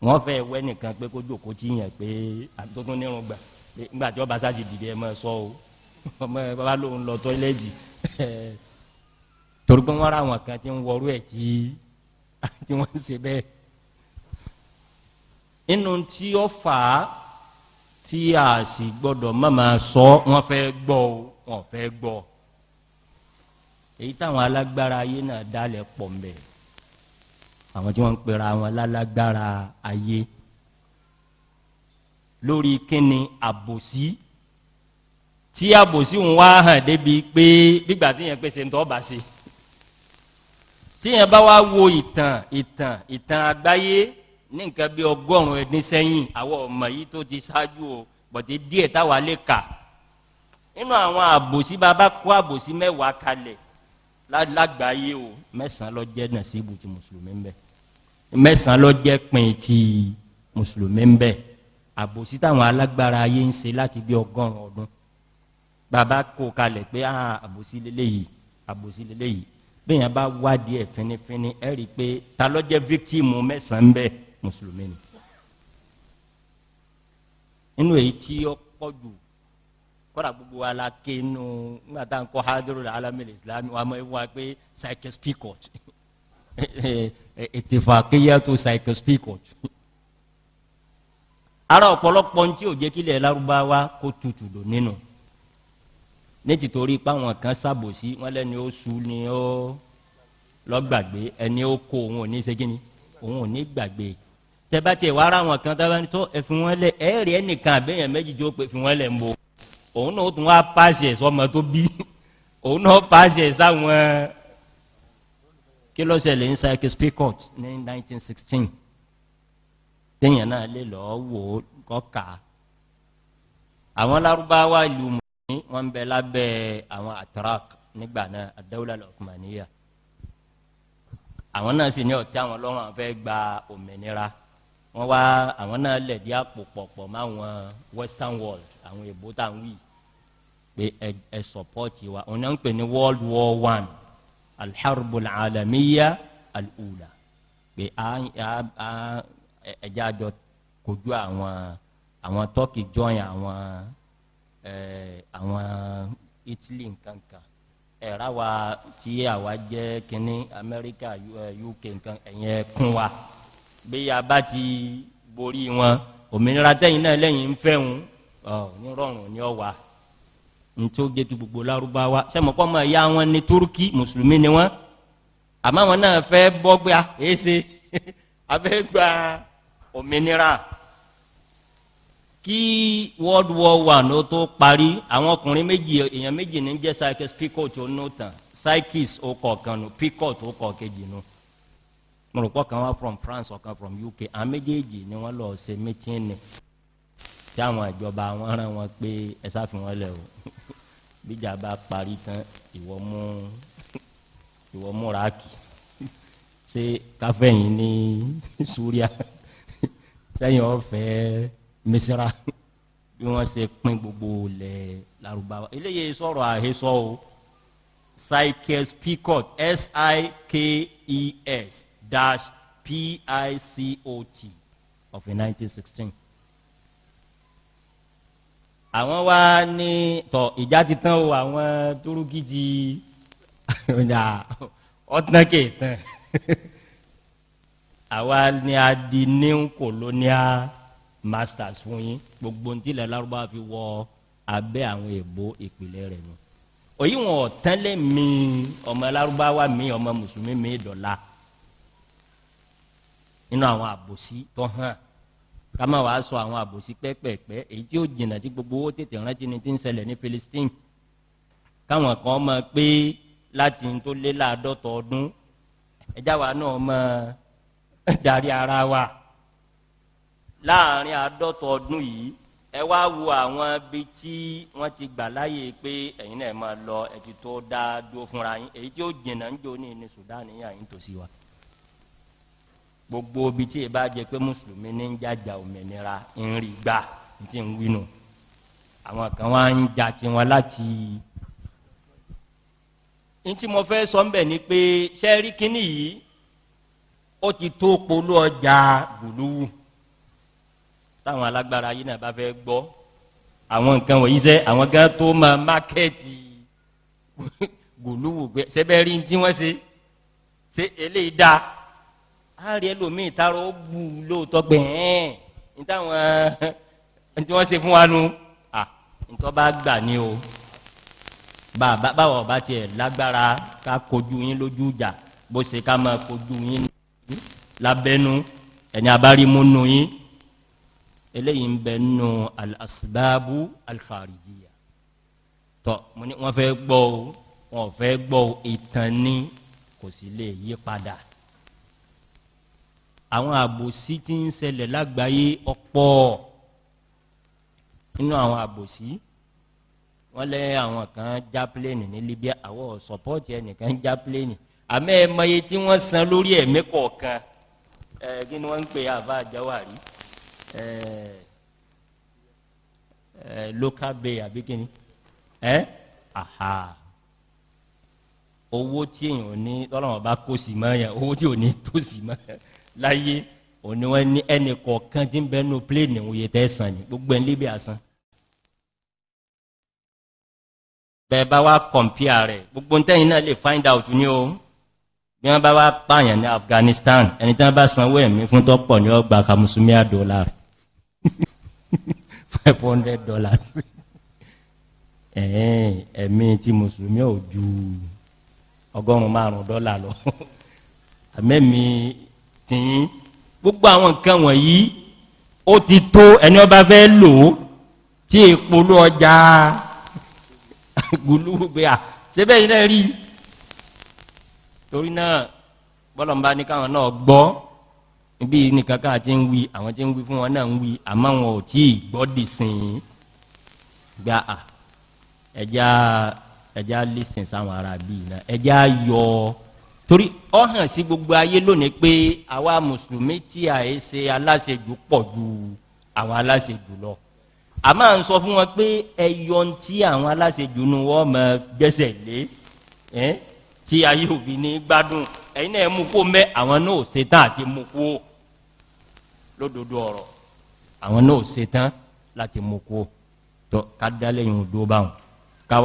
wọ́n fẹ́ wẹ́ nìkan pé kó jòkó tí yàn pé àtúntún nírun gbà nígbà tí wọ́n bá ti dìde ẹ mọ̀ sọ o ọmọ ẹ bá lóun lọ tọ́lẹ́ẹ̀tì torí pé wọ́n ra àwọn kan tí ń wọrú ẹ̀ tí tí wọ́n ń ṣe bẹ́ẹ̀ inú tí ó fà á tí a sì gbọ́dọ̀ má máa sọ wọ́n fẹ́ gbọ́ o wọ́n fẹ́ gbọ́ èyí táwọn alágbára ayé náà dálẹ̀ pọ̀ mbẹ́ àwọn tí wọ́n ń pera àwọn alálágbára ayé lórí kíni àbòsí. Si tí àbòsí ń wá hàn débi pé gbígbà tí yẹn pèsè ń tọ́ bá sí tí yẹn bá wá wo ìtàn ìtàn ìtàn àgbáyé ní nǹkan bí ọgọ́rùn-ún ẹdín sẹ́yìn àwọn ọmọ yìí tó ti ṣáájú o bọ̀dé díẹ̀ táwa lè kà nínú àwọn àbòsí bàbá kó àbòsí mẹ́wàá kalẹ̀ lágbàáyé o mẹ́sàn-án lọ jẹ́ nàṣíbù ti mùsùlùmí ń mẹ́sàn-án lọ jẹ́ pin ti mùsùlùmí ń àbòsí táwọn alágbára ayé ń ṣe láti bí ọgọ́rùn-ún ọdún bàbá kó kalẹ̀ pé ah àbòsí lélẹ́yìí àbòsí lélẹ́yìí bẹ́ẹ̀ yẹn bá wádìí ẹ̀ fínífíní ẹ̀ rí i pé ta ló jẹ́ fíktìmù mẹ́sàn-án bẹ́ẹ̀ mùsùlùmí ni. nínú èyí tí ó pọ̀ jù kọ́ra gbogbo wa la ké nù nígbà tá à ń kọ́ hadro la alamílẹ̀ islam wa mọ̀ wá pé psychospicot ètèfà kéya psychospicot. ara ọ̀pọ̀lọpọ̀ ntí ò jẹ́ kílẹ̀ Lárúbáwá kó tutù dò nínú. No ní tìtorí páwọn kan ṣàbòsí wọn lẹ́ni ó su ni ó lọ́gbàgbé ẹni ó kó òun ò ní ṣe kíni òun ò ní gbàgbé tẹ́bá tiẹ̀ wá ara wọn kan tábà ní tó ẹ fi wọn lẹ ẹ rí ẹnìkan méjì tó pé fi wọn lẹ̀ ń òun náà tún wá paṣẹ sọmọ tó bí òun náà paṣẹ sáwọn kí ń sa Speakout ní 1916 téèyàn náà lè lọ́ọ́ wò ó kọ́ kàá àwọn lárúbáwá ìlú Hm, wọ́n bẹ lábẹ́ àwọn atrak nígbà náà adáwòlá lọ́kùnmáníyà àwọn náà sì ní ọ̀tí àwọn ọlọ́run àwọn fẹ́ gba òmìnira wọ́n wá àwọn náà lẹ̀dí àpò pọ̀pọ̀ mọ́ àwọn western world àwọn èbó tá à ń wí pé ẹ ẹ sọpọ́ọ̀tì wa òun náà ń pè ní world war one alḥarbul alamiya al'ula pé a a a ẹja jọ kojú àwọn àwọn turkey join àwọn àwọn Italy nǹkan kan ẹ̀rá wa tí àwa jẹ́ kínní Amẹ́ríkà UK nǹkan ẹ̀yẹn kún wa bí a bá ti borí wọn òmìnira tẹ́yìn náà lẹ́yìn ń fẹ́ wọn ní rọrùn ní ọ̀wà ntí ó jẹ́ kí gbogbo lárúbáwá sẹ́mọ̀kọ́ mọ̀ ya wọn ní Turkey mùsùlùmí ni wọn àmọ́ wọn náà fẹ́ bọ́gbà èsè abẹ́gbà òmìnira kí world war one ó tó parí àwọn ọkùnrin méjì èèyàn méjì ní jẹ́ Sykes Picot ó nù tán Sykes ó kọ̀ kan nù Picot ó kọ̀ kejì nù mo rò pọ̀ kan wá from France ọ̀kan from UK àwọn méjèèjì ni wọ́n lọ ṣe mítínì tí àwọn ìjọba wọn rán wọn pé ẹ sáfihàn lẹ o bíjà bá parí tán ìwọ mú ìwọ mú ràákì ṣé káfẹ́yìn ní suria, sẹ́yìn ọ̀fẹ́ misira bí wọ́n ṣe pín gbogbo lẹ̀ Lárúbáwá eléyìí sọ̀rọ̀ àhesọ o Sikes Picot S I K E S dash P I C O T of a nineteen sixteen àwọn wa ní tọ ìjà ti tán o àwọn turuki ti ọjà ọtán kè tán àwa ni a di new colonial masters fún yín gbogbo ní tilẹ̀ lárúbá fi wọ abẹ́ àwọn èèbó ìpìlẹ̀ rẹ̀ nù òyì wọn tẹ́lẹ̀ mi ọmọ lárúbáwá mi ọmọ mùsùlùmí mi dọ̀la nínú àwọn àbòsí tó hàn ká má wàá sọ àwọn àbòsí pẹ́pẹ́pẹ́ èyí tí ó jìnnà tí gbogbo owó tètè rántí ni ti ń ṣẹlẹ̀ ní Palestine káwọn kan mọ̀ pé láti tó lé láàdọ́tọ̀ ọdún ẹjá wa náà mọ̀ darí ara wa láàrin àádọ́tọ̀ ọdún yìí ẹ wá wo àwọn ibi tí wọ́n ti gbà láàyè pé ẹ̀yin náà máa lọ ẹ̀tì tó dá dúró fúnra yín èyí tí ó jìnnà ń jó ní ní Sudan yín àyín tòsí wa gbogbo ibi tí ẹ bá jẹ pé mùsùlùmí ní ń jàjà òmìnira ń gbà ní ń wí nù àwọn kan wá ń jà tiwọn láti ní tí mo fẹ́ sọ ń bẹ̀ ni pé ṣẹ́ẹ́rí kínní yìí ó ti tó polú ọjà gbòlúwù táwọn alágbára yìí náà bá fẹ́ gbọ́ àwọn nǹkan wọ̀nyí sẹ́ àwọn gan tó mọ mákẹ́ẹ̀tì gòlúwò gbé sẹ́bẹ̀rì tí wọ́n ṣe ṣe eléyìí dáa á rí ẹlòmíì tààrọ ó bù lóòótọ́ gbẹ̀ẹ́n ní táwọn ẹni tí wọ́n ṣe fún wa nu à ntọ́ bá gbà ní o bàbá báwa ọba tiẹ̀ lágbára ká kojú yín lójú ìjà bó ṣe ká máa kojú yín lábẹ́nu ẹ̀yin abárímú nu yín eléyìí ń bẹ nù alasibabu alifarijiya tọ mo ní wọn fẹ́ gbọ́ o wọn fẹ́ gbọ́ o ìtàn ni kò sì lè yí padà àwọn àbòsí tí ń ṣẹlẹ̀ lágbàáyé ọ̀pọ̀ nínú àwọn àbòsí wọ́n lé àwọn kan já pléènì ní Libya àwọn sọpọ́ọ̀tì ẹnìkan já pléènì àmọ́ ẹ mọye tí wọ́n san lórí ẹ̀mí kọ̀ọ̀kan ẹ̀ kí ni wọ́n ń pè àbá àjáwárí Eh, eh, local bay àbí kíni eh? aha owó tí èèyàn ò ní lọ́lọ́wọ́n bá kó sí mọ́ yẹn owó tí ò ní tó sí mọ́ yẹn láyé òní wọn ní ẹnì kọ̀ọ̀kan tí ń bẹ nínú pléènì òye tẹ́ sàn ní gbogbo ẹni líbi àsán. bẹ́ẹ̀ bá wá kọ̀m̀pìà rẹ̀ gbogbo ntẹ́yìn náà lè find out ní o bí wọ́n bá wá pààyàn ní Afghanistan ẹni tí wọ́n bá sanwó ẹ̀mí fún tọ́pọ̀ ní ọgbà kàmùsùmíà dọ́là rẹ̀ five hundred dollars ẹ̀mí tí mùsùlùmí ò ju ọgọ́rùn-ún márùn-ún dọ́là lọ àmẹ́mi tìyín gbogbo àwọn nǹkan wọ̀nyí ó ti tó ẹni ọba fẹ́ lò ó tí ìpolú ọjà gbólúgbé à síbẹ̀ yìí náà rí torí náà bọ́lọ̀ ń bá ní káwọn náà gbọ́ níbí nìkan káà ti ń wí àwọn ti ń wí fún wọn náà ń wí àmọ́ wọn ò tí ì gbọ́dì sìn ín gba à ẹja ẹja lísìn sáwọn ará bíi náà ẹja yọ torí ọ hàn sí gbogbo ayé lónìí pé àwa mùsùlùmí tí a yẹ ṣe aláṣejù pọ̀ ju àwọn aláṣejù lọ a máa ń sọ fún wọn pé ẹyọ tí àwọn aláṣejù nu wọn mọ gbẹ́sẹ̀ lé ẹ tí ayé òbí ní gbádùn ẹ̀yin náà mú kó mẹ àwọn náà ò ṣetán àti mú kó lódodo ọ̀rọ̀ àwọn náà ṣe tán láti mú kó tọ́ ká dálẹ́yìn odó báwọn ká